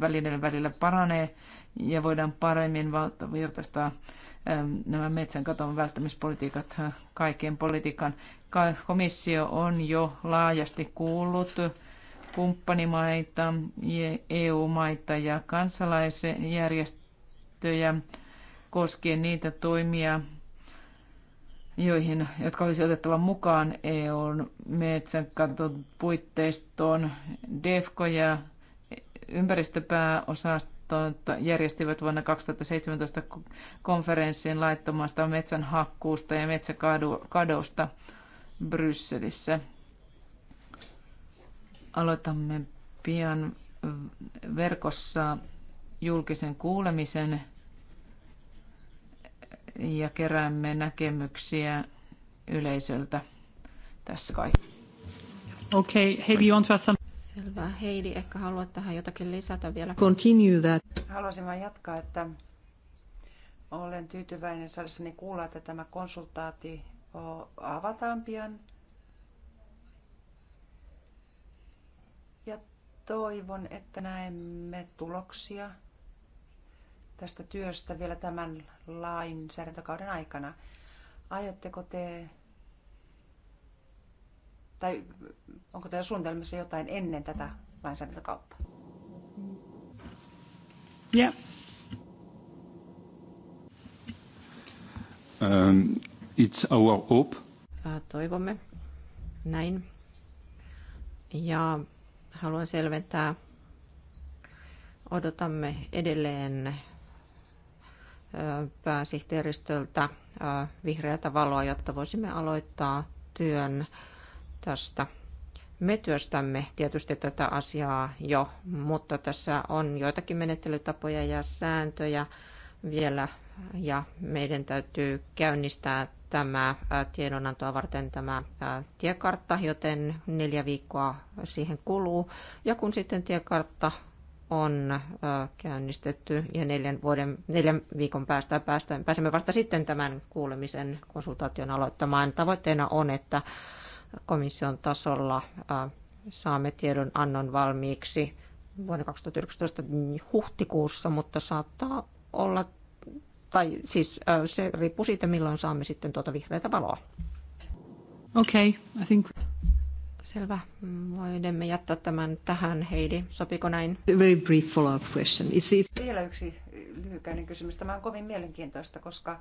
välineiden välillä paranee ja voidaan paremmin valtavirtaistaa nämä metsän katon välttämispolitiikat kaikkeen politiikan. Komissio on jo laajasti kuullut kumppanimaita, EU-maita ja kansalaisjärjestöjä koskien niitä toimia, joihin, jotka olisi otettava mukaan EUn metsänkaton puitteistoon. DEFCO ja ympäristöpääosastot järjestivät vuonna 2017 konferenssin laittomasta metsänhakkuusta ja metsäkadosta Brysselissä. Aloitamme pian verkossa julkisen kuulemisen ja keräämme näkemyksiä yleisöltä. Tässä kai. Okei, okay. Heidi, on tässä. Selvä. Heidi, ehkä haluat tähän jotakin lisätä vielä. Continue that. Haluaisin vain jatkaa, että olen tyytyväinen saadessani kuulla, että tämä konsultaati avataan pian toivon, että näemme tuloksia tästä työstä vielä tämän lainsäädäntökauden aikana. Aiotteko te, tai onko teillä suunnitelmissa jotain ennen tätä lainsäädäntökautta? Yeah. Um, it's our hope. Äh, toivomme näin. Ja haluan selventää. Odotamme edelleen pääsihteeristöltä vihreätä valoa, jotta voisimme aloittaa työn tästä. Me työstämme tietysti tätä asiaa jo, mutta tässä on joitakin menettelytapoja ja sääntöjä vielä ja meidän täytyy käynnistää tämä tiedonantoa varten tämä tiekartta, joten neljä viikkoa siihen kuluu. Ja kun sitten tiekartta on käynnistetty ja neljän, vuoden, neljän viikon päästä päästään, pääsemme vasta sitten tämän kuulemisen konsultaation aloittamaan. Tavoitteena on, että komission tasolla saamme tiedon annon valmiiksi vuonna 2019 huhtikuussa, mutta saattaa olla tai siis se riippuu siitä, milloin saamme sitten tuota vihreätä valoa. Okei, okay, I think... Selvä. Voimme jättää tämän tähän, Heidi. Sopiko näin? A very brief follow-up question. Is it... Vielä yksi lyhykäinen kysymys. Tämä on kovin mielenkiintoista, koska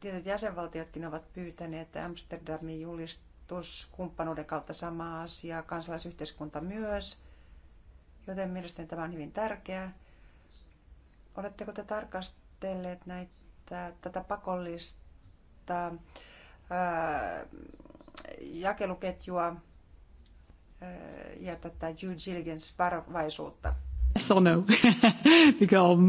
tietyt jäsenvaltiotkin ovat pyytäneet Amsterdamin julistus kumppanuuden kautta samaa asiaa, kansalaisyhteiskunta myös, joten mielestäni tämä on hyvin tärkeää. Oletteko te tarkast ajatelleet näitä, tätä pakollista ää, jakeluketjua ää, ja tätä due diligence-varovaisuutta? So no.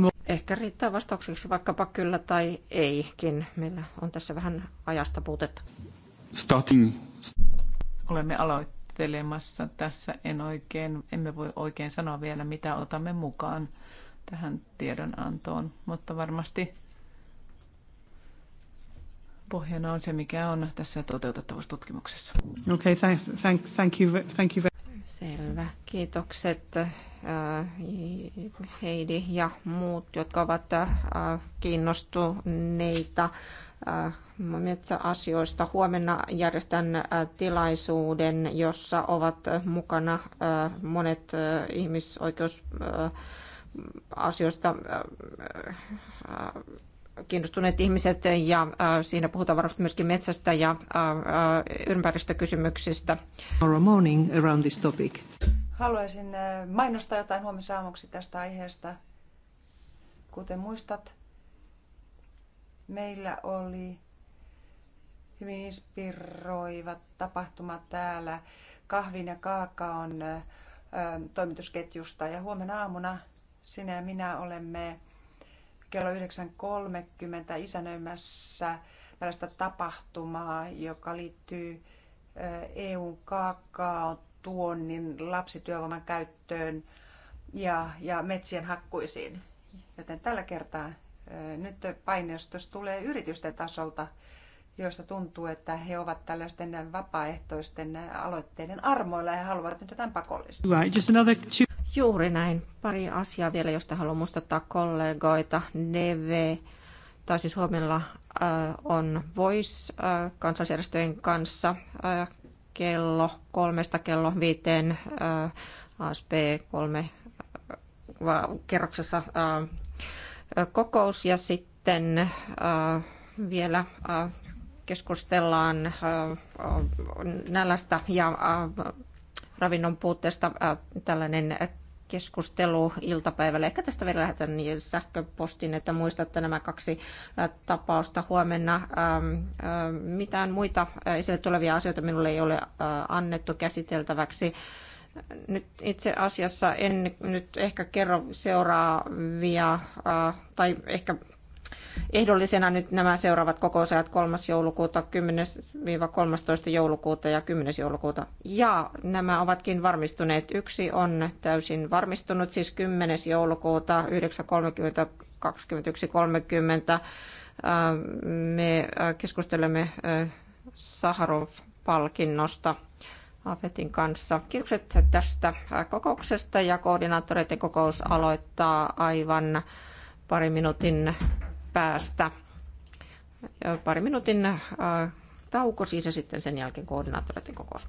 Ehkä riittää vastaukseksi vaikkapa kyllä tai eikin. Meillä on tässä vähän ajasta puutetta. Starting. Olemme aloittelemassa tässä. En oikein, emme voi oikein sanoa vielä, mitä otamme mukaan tähän tiedonantoon, mutta varmasti pohjana on se, mikä on tässä tutkimuksessa. Okay, thank, thank, thank you, thank you. Selvä. Kiitokset äh, Heidi ja muut, jotka ovat äh, kiinnostuneita äh, metsäasioista. Huomenna järjestän tilaisuuden, jossa ovat mukana monet ihmisoikeus asioista äh, äh, kiinnostuneet ihmiset ja äh, siinä puhutaan varmasti myöskin metsästä ja ympäristökysymyksistä. Morning around this topic. Haluaisin mainostaa jotain huomenna aamuksi tästä aiheesta. Kuten muistat, meillä oli hyvin inspiroiva tapahtuma täällä kahvin ja kaakaon toimitusketjusta ja huomenna aamuna sinä ja minä olemme kello 9.30 isänöimässä tällaista tapahtumaa, joka liittyy EUn tuonnin lapsityövoiman käyttöön ja, ja metsien hakkuisiin. Joten tällä kertaa nyt paineistus tulee yritysten tasolta joista tuntuu, että he ovat tällaisten vapaaehtoisten aloitteiden armoilla ja haluavat nyt jotain pakollista. Juuri näin. Pari asiaa vielä, josta haluan muistuttaa kollegoita. Neve tai siis äh, on Voice äh, kansallisjärjestöjen kanssa äh, kello kolmesta kello viiteen äh, ASP3 äh, kerroksessa kokous ja sitten vielä keskustellaan äh, äh, nälästä ja äh, ravinnon puutteesta tällainen keskustelu iltapäivällä. Ehkä tästä vielä lähetän niin sähköpostin, että muistatte nämä kaksi tapausta huomenna. Ähm, mitään muita esille tulevia asioita minulle ei ole annettu käsiteltäväksi. Nyt itse asiassa en nyt ehkä kerro seuraavia, tai ehkä ehdollisena nyt nämä seuraavat kokousajat 3. joulukuuta, 10-13. joulukuuta ja 10. joulukuuta. Ja nämä ovatkin varmistuneet. Yksi on täysin varmistunut, siis 10. joulukuuta 9.30, 21.30. Me keskustelemme Saharov-palkinnosta Afetin kanssa. Kiitokset tästä kokouksesta ja koordinaattoreiden kokous aloittaa aivan pari minuutin päästä. Pari minuutin äh, tauko siis ja sitten sen jälkeen koordinaattoreiden kokous.